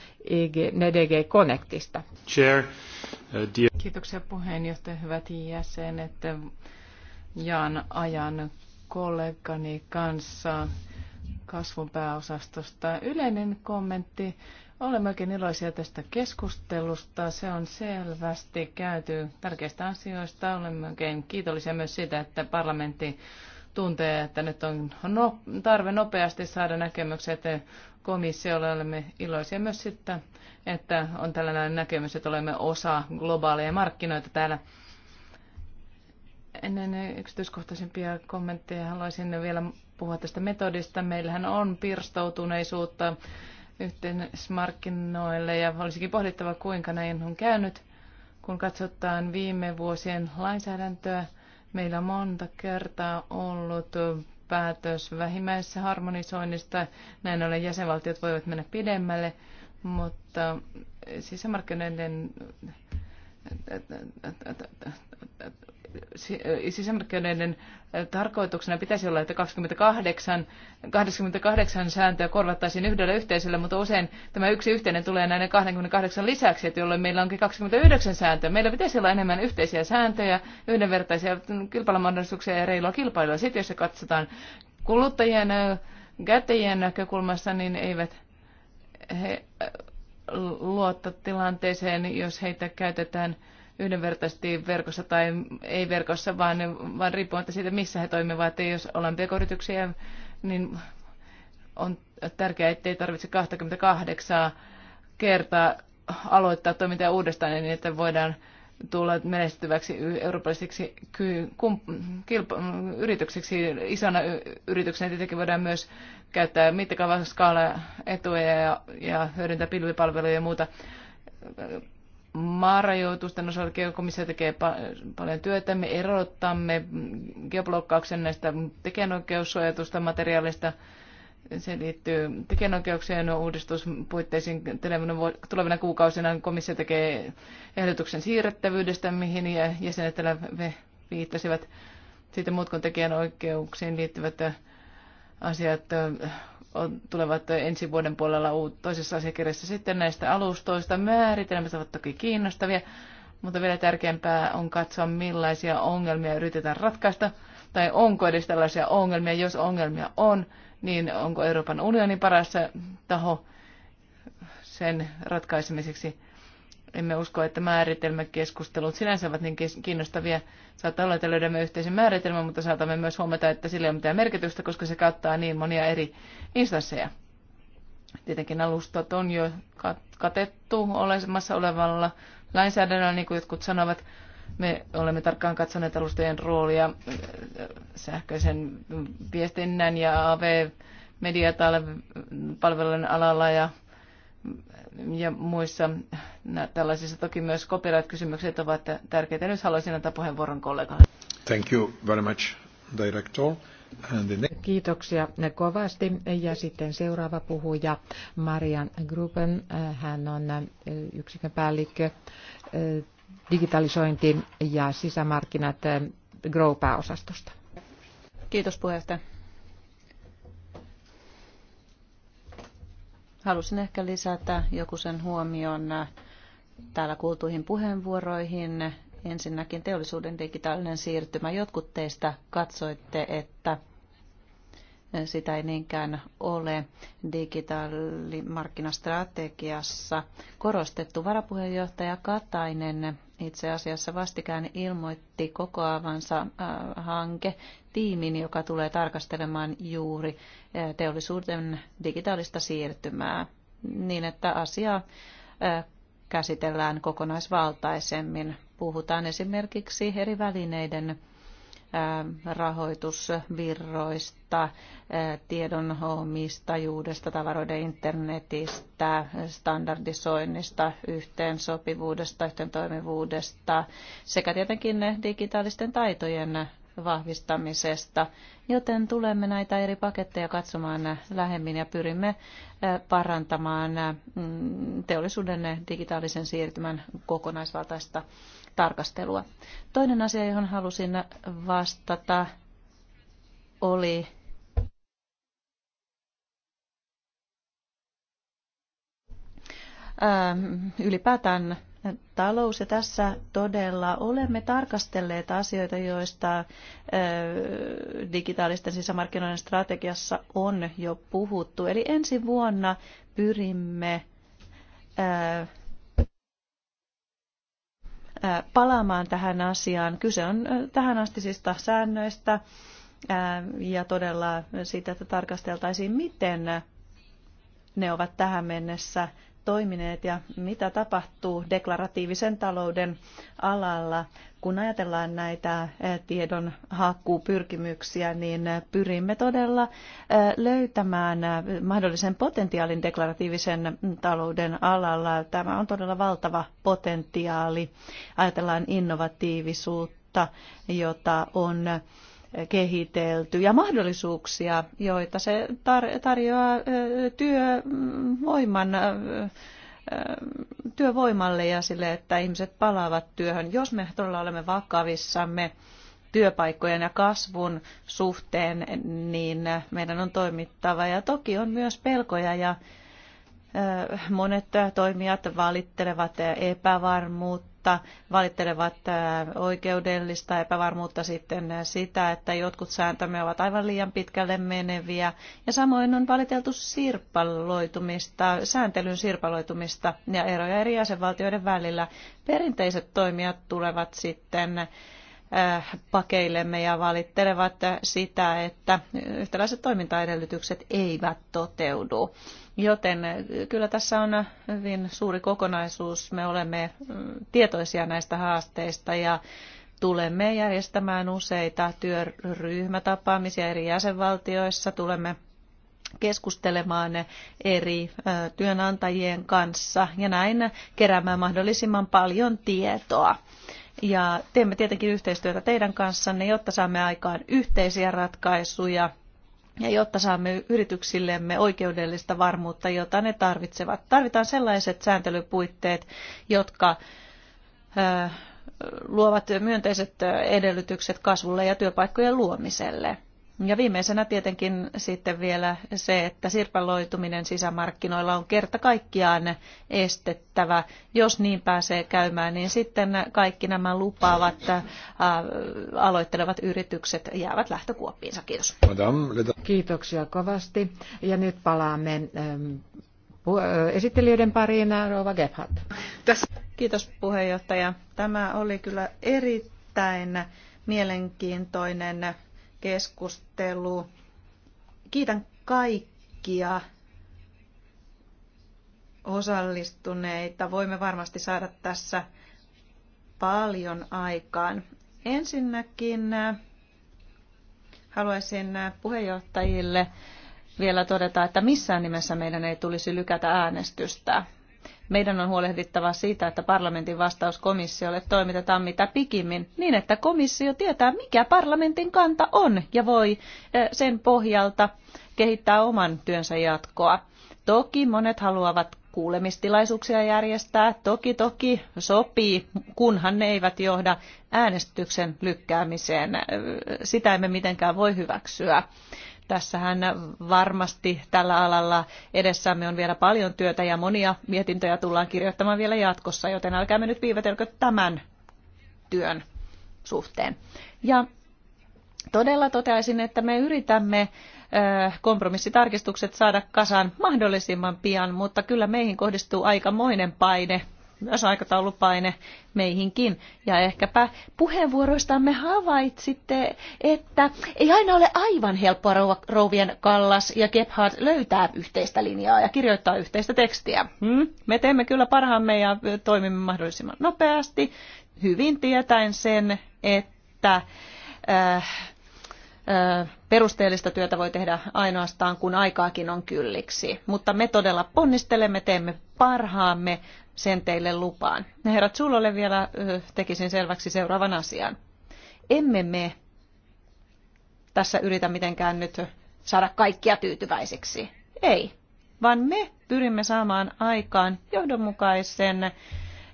DG e Connectista. Chair, uh, dear... Kiitoksia puheenjohtaja, hyvät jäsenet. Jaan ajan kollegani kanssa kasvun pääosastosta. Yleinen kommentti olen melkein iloisia tästä keskustelusta. Se on selvästi käyty tärkeistä asioista. Olen melkein kiitollisia myös siitä, että parlamentti tuntee, että nyt on no, tarve nopeasti saada näkemykset komissiolle. Olemme iloisia myös siitä, että on tällainen näkemys, että olemme osa globaaleja markkinoita täällä. Ennen yksityiskohtaisempia kommentteja haluaisin vielä puhua tästä metodista. Meillähän on pirstoutuneisuutta yhteismarkkinoille ja olisikin pohdittava, kuinka näin on käynyt. Kun katsotaan viime vuosien lainsäädäntöä, meillä on monta kertaa ollut päätös vähimmäisessä harmonisoinnista. Näin ollen jäsenvaltiot voivat mennä pidemmälle, mutta sisämarkkinoiden sisämarkkinoiden tarkoituksena pitäisi olla, että 28, 28 sääntöä korvattaisiin yhdellä yhteisöllä, mutta usein tämä yksi yhteinen tulee näiden 28 lisäksi, että jolloin meillä onkin 29 sääntöä. Meillä pitäisi olla enemmän yhteisiä sääntöjä, yhdenvertaisia kilpailumahdollisuuksia ja reilua kilpailua. Sitten jos se katsotaan kuluttajien käyttäjien näkökulmasta, niin eivät he luotta tilanteeseen, jos heitä käytetään – yhdenvertaisesti verkossa tai ei verkossa, vaan, vaan riippumatta siitä, missä he toimivat. Että jos ollaan pk-yrityksiä, niin on tärkeää, ettei tarvitse 28 kertaa aloittaa toimintaa uudestaan niin, että voidaan tulla menestyväksi eurooppalaisiksi yritykseksi. Isona yrityksenä tietenkin voidaan myös käyttää mittakaavassa etuja ja, ja hyödyntää pilvipalveluja ja muuta maarajoitusten osalta geokomissio tekee paljon työtä. Me erottamme geoblokkauksen näistä tekijänoikeussuojatusta materiaalista. Se liittyy tekijänoikeuksien uudistuspuitteisiin tulevina kuukausina. Komissio tekee ehdotuksen siirrettävyydestä, mihin jäsenet täällä viittasivat. Sitten muut kuin tekijänoikeuksiin liittyvät asiat on tulevat ensi vuoden puolella toisessa asiakirjassa sitten näistä alustoista. Määritelmät ovat toki kiinnostavia, mutta vielä tärkeämpää on katsoa, millaisia ongelmia yritetään ratkaista, tai onko edes tällaisia ongelmia. Jos ongelmia on, niin onko Euroopan unioni paras taho sen ratkaisemiseksi emme usko, että määritelmäkeskustelut sinänsä ovat niin kiinnostavia. Saattaa olla, että löydämme yhteisen määritelmän, mutta saatamme myös huomata, että sillä ei ole mitään merkitystä, koska se kattaa niin monia eri instansseja. Tietenkin alustat on jo katettu olemassa olevalla lainsäädännöllä, niin kuin jotkut sanovat. Me olemme tarkkaan katsoneet alustojen roolia äh, sähköisen viestinnän ja av mediatalvelujen alalla ja ja muissa tällaisissa. Toki myös copyright-kysymykset ovat tärkeitä. Nyt haluaisin antaa puheenvuoron kollegalle. Thank you very much, director. And the next... Kiitoksia kovasti. Ja sitten seuraava puhuja, Marian Gruben. Hän on äh, yksikön päällikkö äh, digitalisointi ja sisämarkkinat äh, Grow-pääosastosta. Kiitos puheenjohtaja. Halusin ehkä lisätä joku sen huomion äh, täällä kuultuihin puheenvuoroihin. Ensinnäkin teollisuuden digitaalinen siirtymä. Jotkut teistä katsoitte, että äh, sitä ei niinkään ole digitaalimarkkinastrategiassa korostettu. Varapuheenjohtaja Katainen itse asiassa vastikään ilmoitti kokoavansa äh, hanke tiimin, joka tulee tarkastelemaan juuri äh, teollisuuden digitaalista siirtymää niin, että asiaa äh, käsitellään kokonaisvaltaisemmin. Puhutaan esimerkiksi eri välineiden rahoitusvirroista, eh, tiedon omistajuudesta, tavaroiden internetistä, standardisoinnista, yhteensopivuudesta, yhteentoimivuudesta sekä tietenkin digitaalisten taitojen vahvistamisesta, joten tulemme näitä eri paketteja katsomaan lähemmin ja pyrimme eh, parantamaan mm, teollisuuden digitaalisen siirtymän kokonaisvaltaista tarkastelua. Toinen asia, johon halusin vastata, oli ähm, ylipäätään talous. Ja tässä todella olemme tarkastelleet asioita, joista äh, digitaalisten sisämarkkinoiden strategiassa on jo puhuttu. Eli ensi vuonna pyrimme äh, palaamaan tähän asiaan. Kyse on tähänastisista säännöistä ja todella siitä, että tarkasteltaisiin, miten ne ovat tähän mennessä toimineet ja mitä tapahtuu deklaratiivisen talouden alalla. Kun ajatellaan näitä eh, tiedon hakkuupyrkimyksiä, niin eh, pyrimme todella eh, löytämään mahdollisen potentiaalin deklaratiivisen talouden alalla. Tämä on todella valtava potentiaali. Ajatellaan innovatiivisuutta, jota on kehitelty ja mahdollisuuksia, joita se tar- tarjoaa työvoiman, työvoimalle ja sille, että ihmiset palaavat työhön. Jos me todella olemme vakavissamme työpaikkojen ja kasvun suhteen, niin meidän on toimittava. Ja toki on myös pelkoja ja monet toimijat valittelevat epävarmuutta epävarmuutta, valittelevat oikeudellista epävarmuutta sitten sitä, että jotkut sääntömme ovat aivan liian pitkälle meneviä. Ja samoin on valiteltu sirpaloitumista, sääntelyn sirpaloitumista ja eroja eri jäsenvaltioiden välillä. Perinteiset toimijat tulevat sitten pakeillemme ja valittelevat sitä, että yhtäläiset toimintaedellytykset eivät toteudu. Joten eh, kyllä tässä on hyvin suuri kokonaisuus. Me olemme mm, tietoisia näistä haasteista ja tulemme järjestämään useita työryhmätapaamisia eri jäsenvaltioissa. Tulemme keskustelemaan eri eh, työnantajien kanssa ja näin keräämään mahdollisimman paljon tietoa. Ja teemme tietenkin yhteistyötä teidän kanssanne, jotta saamme aikaan yhteisiä ratkaisuja – ja jotta saamme yrityksillemme oikeudellista varmuutta, jota ne tarvitsevat. Tarvitaan sellaiset sääntelypuitteet, jotka luovat myönteiset edellytykset kasvulle ja työpaikkojen luomiselle. Ja viimeisenä tietenkin sitten vielä se, että sirpaloituminen sisämarkkinoilla on kerta kaikkiaan estettävä. Jos niin pääsee käymään, niin sitten kaikki nämä lupaavat äh, aloittelevat yritykset jäävät lähtökuoppiinsa. Kiitos. Kiitoksia kovasti. Ja nyt palaamme ähm, äh, esittelijöiden pariin, äh, Rova Gebhardt. Kiitos puheenjohtaja. Tämä oli kyllä erittäin mielenkiintoinen keskustelu. Kiitän kaikkia osallistuneita. Voimme varmasti saada tässä paljon aikaan. Ensinnäkin äh, haluaisin äh, puheenjohtajille vielä todeta, että missään nimessä meidän ei tulisi lykätä äänestystä. Meidän on huolehdittava siitä, että parlamentin vastaus komissiolle toimitetaan mitä pikimmin, niin että komissio tietää, mikä parlamentin kanta on ja voi sen pohjalta kehittää oman työnsä jatkoa. Toki monet haluavat kuulemistilaisuuksia järjestää. Toki toki sopii, kunhan ne eivät johda äänestyksen lykkäämiseen. Sitä emme mitenkään voi hyväksyä. Tässähän varmasti tällä alalla edessämme on vielä paljon työtä ja monia mietintöjä tullaan kirjoittamaan vielä jatkossa, joten älkäämme nyt viivetelkö tämän työn suhteen. Ja todella toteaisin, että me yritämme kompromissitarkistukset saada kasaan mahdollisimman pian, mutta kyllä meihin kohdistuu aikamoinen paine myös aikataulupaine meihinkin. Ja ehkäpä puheenvuoroistamme havaitsitte, että ei aina ole aivan helppoa rouvien Kallas ja Gebhard löytää yhteistä linjaa ja kirjoittaa yhteistä tekstiä. Hmm? Me teemme kyllä parhaamme ja toimimme mahdollisimman nopeasti, hyvin tietäen sen, että äh, perusteellista työtä voi tehdä ainoastaan, kun aikaakin on kylliksi. Mutta me todella ponnistelemme, teemme parhaamme, sen teille lupaan. Herra Zullolle vielä tekisin selväksi seuraavan asian. Emme me tässä yritä mitenkään nyt saada kaikkia tyytyväiseksi. Ei, vaan me pyrimme saamaan aikaan johdonmukaisen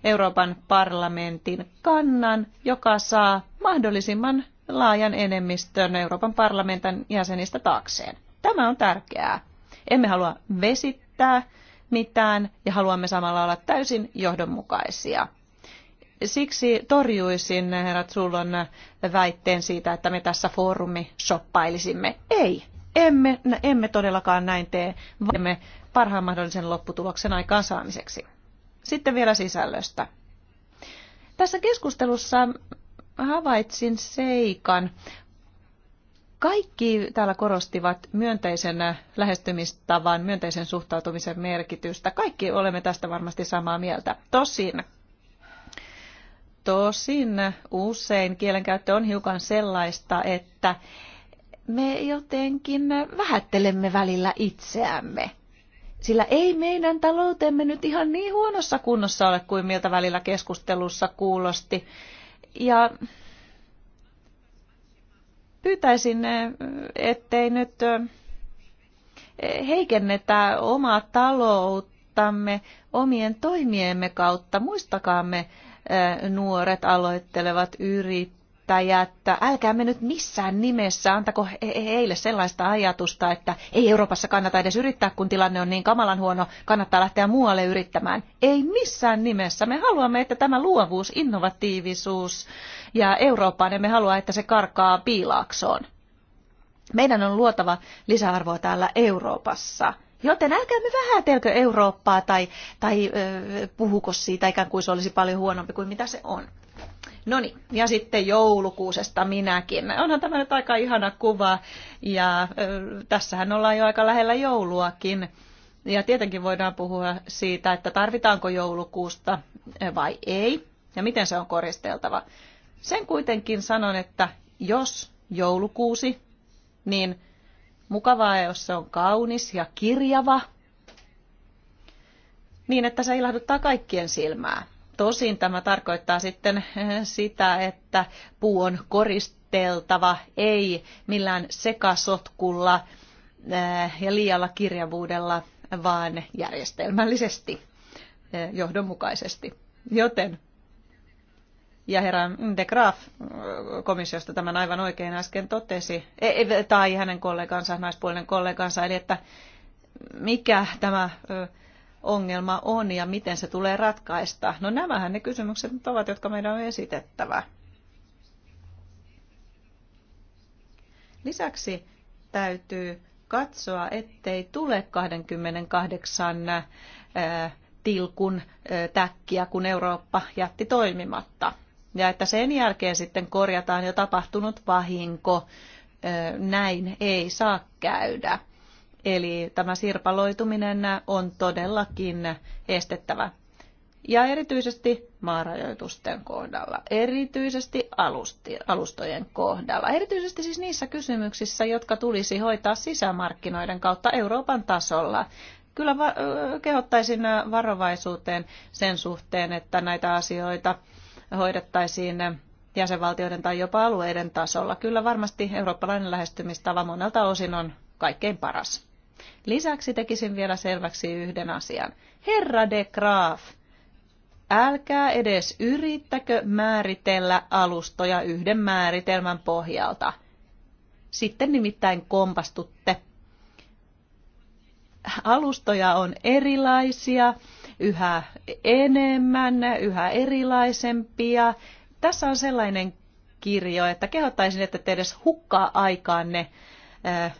Euroopan parlamentin kannan, joka saa mahdollisimman laajan enemmistön Euroopan parlamentin jäsenistä taakseen. Tämä on tärkeää. Emme halua vesittää mitään ja haluamme samalla olla täysin johdonmukaisia. Siksi torjuisin herrat Sullon väitteen siitä, että me tässä foorumi shoppailisimme. Ei, emme, emme todellakaan näin tee, vaan me parhaan mahdollisen lopputuloksen aikaansaamiseksi. Sitten vielä sisällöstä. Tässä keskustelussa havaitsin seikan. Kaikki täällä korostivat myönteisen lähestymistavan, myönteisen suhtautumisen merkitystä. Kaikki olemme tästä varmasti samaa mieltä. Tosin Tosin usein kielenkäyttö on hiukan sellaista, että me jotenkin vähättelemme välillä itseämme. Sillä ei meidän taloutemme nyt ihan niin huonossa kunnossa ole kuin miltä välillä keskustelussa kuulosti. Ja pyytäisin, ettei nyt heikennetä omaa talouttamme omien toimiemme kautta. Muistakaamme nuoret aloittelevat yrittäjät älkää me nyt missään nimessä antako heille sellaista ajatusta, että ei Euroopassa kannata edes yrittää, kun tilanne on niin kamalan huono, kannattaa lähteä muualle yrittämään. Ei missään nimessä. Me haluamme, että tämä luovuus, innovatiivisuus ja Eurooppaan emme halua, että se karkaa piilaaksoon. Meidän on luotava lisäarvoa täällä Euroopassa. Joten älkäämme vähätelkö Eurooppaa tai, tai ö, puhuko siitä ikään kuin se olisi paljon huonompi kuin mitä se on. No niin, ja sitten joulukuusesta minäkin. Onhan tämä nyt aika ihana kuva ja tässähän ollaan jo aika lähellä jouluakin. Ja tietenkin voidaan puhua siitä, että tarvitaanko joulukuusta vai ei ja miten se on koristeltava. Sen kuitenkin sanon, että jos joulukuusi, niin mukavaa, jos se on kaunis ja kirjava, niin että se ilahduttaa kaikkien silmää. Tosin tämä tarkoittaa sitten eh, sitä, että puu on koristeltava, ei millään sekasotkulla eh, ja liialla kirjavuudella, vaan järjestelmällisesti, eh, johdonmukaisesti. Joten, ja herra de Graaf komissiosta tämän aivan oikein äsken totesi, tai hänen kollegansa, naispuolinen kollegansa, eli että mikä tämä ongelma on ja miten se tulee ratkaista. No nämähän ne kysymykset nyt ovat, jotka meidän on esitettävä. Lisäksi täytyy katsoa, ettei tule 28 tilkun täkkiä, kun Eurooppa jätti toimimatta. Ja että sen jälkeen sitten korjataan jo tapahtunut vahinko. Näin ei saa käydä. Eli tämä sirpaloituminen on todellakin estettävä. Ja erityisesti maarajoitusten kohdalla, erityisesti alusti, alustojen kohdalla, erityisesti siis niissä kysymyksissä, jotka tulisi hoitaa sisämarkkinoiden kautta Euroopan tasolla. Kyllä va- kehottaisin varovaisuuteen sen suhteen, että näitä asioita hoidettaisiin jäsenvaltioiden tai jopa alueiden tasolla. Kyllä varmasti eurooppalainen lähestymistava monelta osin on kaikkein paras. Lisäksi tekisin vielä selväksi yhden asian. Herra de Graaf, älkää edes yrittäkö määritellä alustoja yhden määritelmän pohjalta. Sitten nimittäin kompastutte. Alustoja on erilaisia, yhä enemmän, yhä erilaisempia. Tässä on sellainen kirjo, että kehottaisin, että te edes hukkaa aikaanne äh,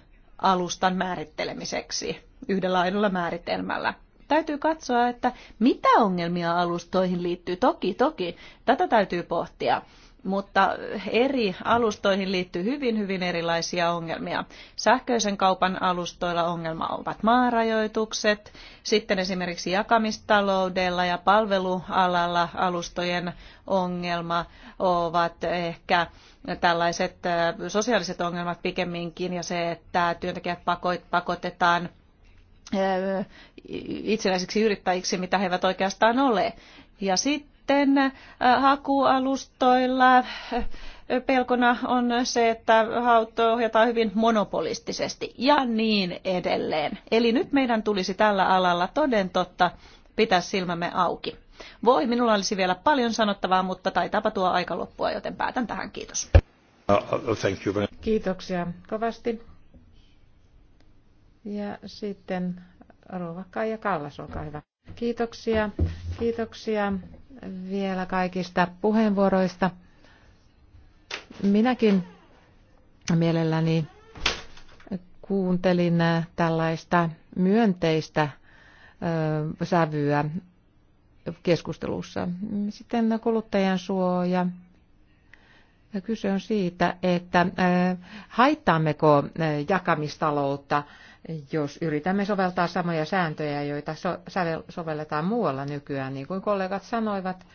alustan määrittelemiseksi yhdellä ainoalla määritelmällä. Täytyy katsoa, että mitä ongelmia alustoihin liittyy. Toki, toki, tätä täytyy pohtia mutta eri alustoihin liittyy hyvin, hyvin erilaisia ongelmia. Sähköisen kaupan alustoilla ongelma ovat maarajoitukset, sitten esimerkiksi jakamistaloudella ja palvelualalla alustojen ongelma ovat ehkä tällaiset sosiaaliset ongelmat pikemminkin ja se, että työntekijät pakotetaan itsenäisiksi yrittäjiksi, mitä he eivät oikeastaan ole. Ja sitten sitten hakualustoilla pelkona on se, että hauto ohjataan hyvin monopolistisesti ja niin edelleen. Eli nyt meidän tulisi tällä alalla toden totta pitää silmämme auki. Voi, minulla olisi vielä paljon sanottavaa, mutta taitaapa tuo aika loppua, joten päätän tähän. Kiitos. Uh, uh, uh, kiitoksia kovasti. Ja sitten Rova Kaija Kallas, olkaa hyvä. Kiitoksia, kiitoksia vielä kaikista puheenvuoroista. Minäkin mielelläni kuuntelin tällaista myönteistä sävyä keskustelussa. Sitten kuluttajan suoja. Kyse on siitä, että haittaammeko jakamistaloutta jos yritämme soveltaa samoja sääntöjä, joita sovelletaan muualla nykyään, niin kuin kollegat sanoivat,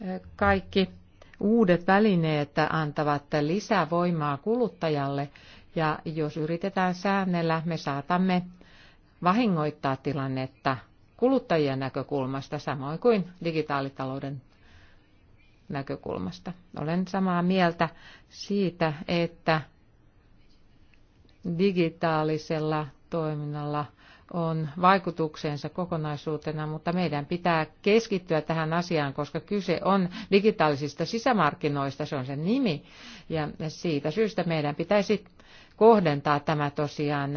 eh, kaikki uudet välineet antavat lisää voimaa kuluttajalle, ja jos yritetään säännellä, me saatamme vahingoittaa tilannetta kuluttajien näkökulmasta, samoin kuin digitaalitalouden näkökulmasta. Olen samaa mieltä siitä, että digitaalisella toiminnalla on vaikutuksensa kokonaisuutena, mutta meidän pitää keskittyä tähän asiaan, koska kyse on digitaalisista sisämarkkinoista, se on sen nimi, ja siitä syystä meidän pitäisi kohdentaa tämä tosiaan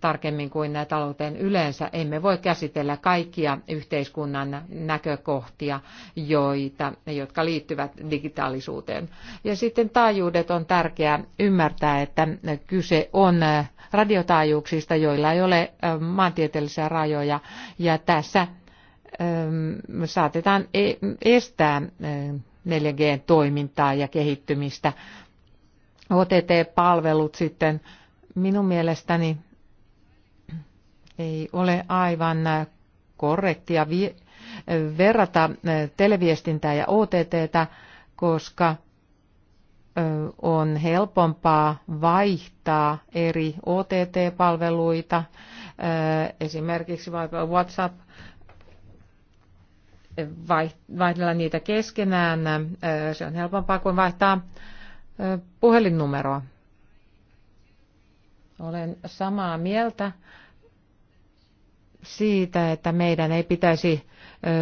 tarkemmin kuin talouteen yleensä. Emme voi käsitellä kaikkia yhteiskunnan näkökohtia, joita, jotka liittyvät digitaalisuuteen. Ja sitten taajuudet on tärkeää ymmärtää, että kyse on äh, radiotaajuuksista, joilla ei ole äh, maantieteellisiä rajoja. Ja tässä ähm, saatetaan e-, estää 4G-toimintaa äh, ja kehittymistä. OTT-palvelut sitten minun mielestäni ei ole aivan korrektia verrata äh, televiestintää ja OTTtä, koska on helpompaa vaihtaa eri OTT-palveluita, äh, esimerkiksi WhatsApp, vaihdella niitä keskenään. Äh, se on helpompaa kuin vaihtaa puhelinnumeroa. Olen samaa mieltä siitä, että meidän ei pitäisi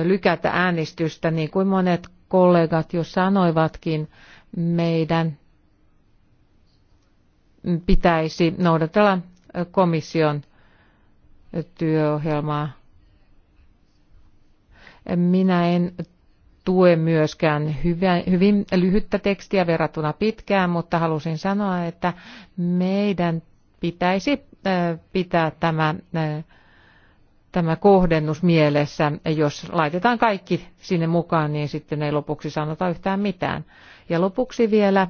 lykätä äänestystä, niin kuin monet kollegat jo sanoivatkin, meidän pitäisi noudatella komission työohjelmaa. Minä en tue myöskään hyvin lyhyttä tekstiä verrattuna pitkään, mutta halusin sanoa, että meidän pitäisi pitää tämä tämä kohdennus mielessä. Jos laitetaan kaikki sinne mukaan, niin sitten ei lopuksi sanota yhtään mitään. Ja lopuksi vielä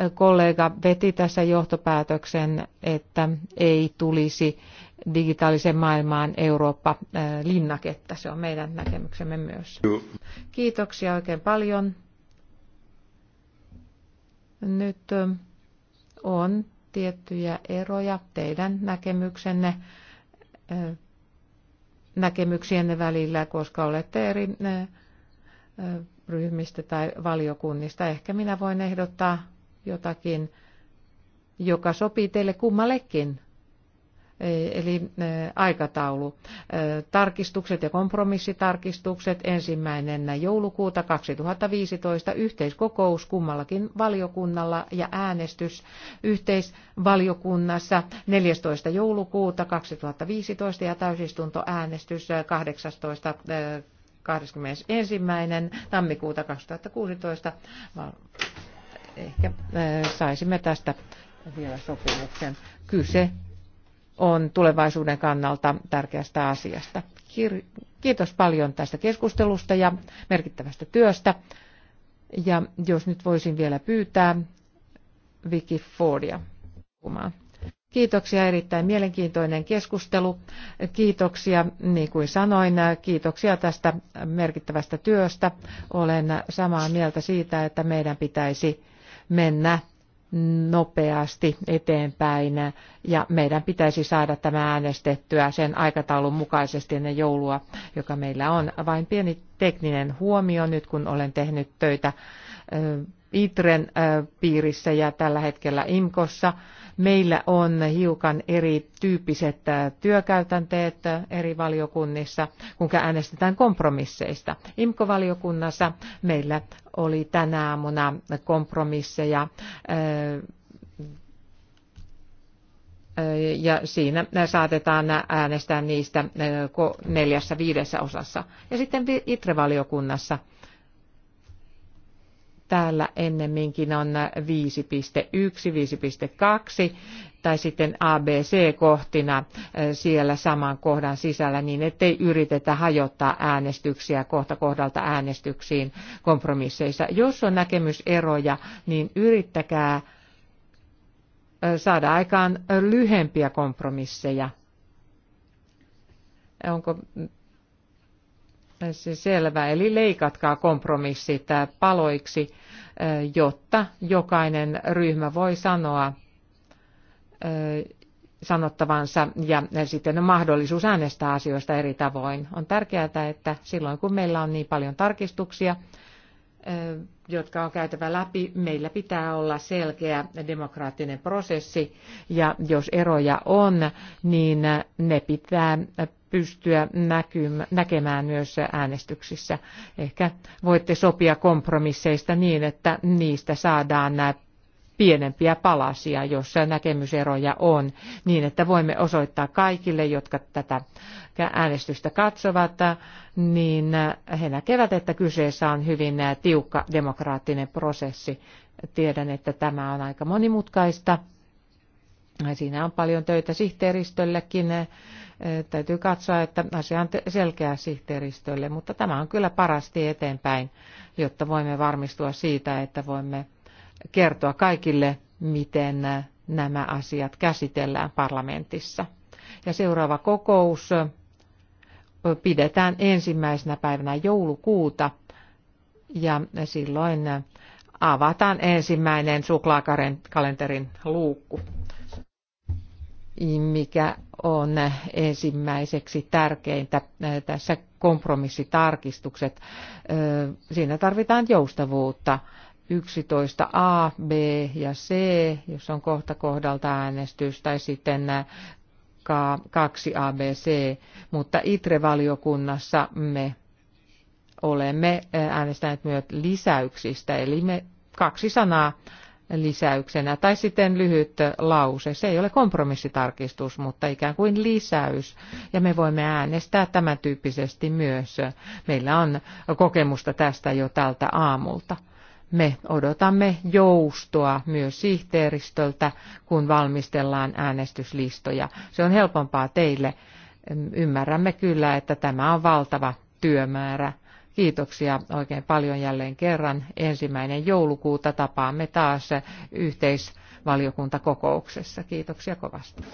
eh, kollega veti tässä johtopäätöksen, että ei tulisi digitaalisen maailmaan Eurooppa-linnaketta. Eh, Se on meidän näkemyksemme myös. Kiitoksia oikein paljon. Nyt eh, on tiettyjä eroja teidän näkemyksenne näkemyksienne välillä, koska olette eri ryhmistä tai valiokunnista. Ehkä minä voin ehdottaa jotakin, joka sopii teille kummallekin. Eh, eli eh, aikataulu. Eh, tarkistukset ja kompromissitarkistukset ensimmäinen joulukuuta 2015 yhteiskokous kummallakin valiokunnalla ja äänestys yhteisvaliokunnassa 14. joulukuuta 2015 ja täysistuntoäänestys 18. 21. tammikuuta 2016. Ehkä saisimme tästä vielä sopimuksen. Kyse on tulevaisuuden kannalta tärkeästä asiasta. Kiitos paljon tästä keskustelusta ja merkittävästä työstä. Ja jos nyt voisin vielä pyytää Vicky Fordia puhumaan. Kiitoksia, erittäin mielenkiintoinen keskustelu. Kiitoksia, niin kuin sanoin, kiitoksia tästä merkittävästä työstä. Olen samaa mieltä siitä, että meidän pitäisi mennä nopeasti eteenpäin ja meidän pitäisi saada tämä äänestettyä sen aikataulun mukaisesti ennen joulua, joka meillä on. Vain pieni tekninen huomio nyt, kun olen tehnyt töitä ITREN piirissä ja tällä hetkellä IMKOssa. Meillä on hiukan erityyppiset työkäytänteet eri valiokunnissa, kun äänestetään kompromisseista. IMKO-valiokunnassa meillä oli tänä aamuna kompromisseja ja siinä saatetaan äänestää niistä neljässä viidessä osassa. Ja sitten ITRE-valiokunnassa täällä ennemminkin on 5.1, 5.2 tai sitten ABC-kohtina eh, siellä saman kohdan sisällä niin, ettei yritetä hajottaa äänestyksiä kohta kohdalta äänestyksiin kompromisseissa. Jos on näkemyseroja, niin yrittäkää eh, saada aikaan lyhempiä kompromisseja. Onko se selvä. Eli leikatkaa kompromissit paloiksi, jotta jokainen ryhmä voi sanoa sanottavansa ja sitten on mahdollisuus äänestää asioista eri tavoin. On tärkeää, että silloin kun meillä on niin paljon tarkistuksia, jotka on käytävä läpi, meillä pitää olla selkeä demokraattinen prosessi ja jos eroja on, niin ne pitää pystyä näkemään myös äänestyksissä. Ehkä voitte sopia kompromisseista niin, että niistä saadaan nämä pienempiä palasia, joissa näkemyseroja on, niin että voimme osoittaa kaikille, jotka tätä äänestystä katsovat, niin he näkevät, että kyseessä on hyvin tiukka demokraattinen prosessi. Tiedän, että tämä on aika monimutkaista, Siinä on paljon töitä sihteeristöllekin. Täytyy katsoa, että asia on selkeä sihteeristölle, mutta tämä on kyllä parasti eteenpäin, jotta voimme varmistua siitä, että voimme kertoa kaikille, miten nämä asiat käsitellään parlamentissa. Ja seuraava kokous pidetään ensimmäisenä päivänä joulukuuta ja silloin avataan ensimmäinen suklaakalenterin luukku mikä on ensimmäiseksi tärkeintä tässä kompromissitarkistukset. Siinä tarvitaan joustavuutta. 11 A, B ja C, jos on kohta kohdalta äänestys, tai sitten 2 A, B, C, mutta ITRE-valiokunnassa me olemme äänestäneet myös lisäyksistä, eli me kaksi sanaa lisäyksenä tai sitten lyhyt lause. Se ei ole kompromissitarkistus, mutta ikään kuin lisäys. Ja me voimme äänestää tämän tyyppisesti myös. Meillä on kokemusta tästä jo tältä aamulta. Me odotamme joustoa myös sihteeristöltä, kun valmistellaan äänestyslistoja. Se on helpompaa teille. Ymmärrämme kyllä, että tämä on valtava työmäärä Kiitoksia oikein paljon jälleen kerran. Ensimmäinen joulukuuta tapaamme taas yhteisvaliokuntakokouksessa. Kiitoksia kovasti.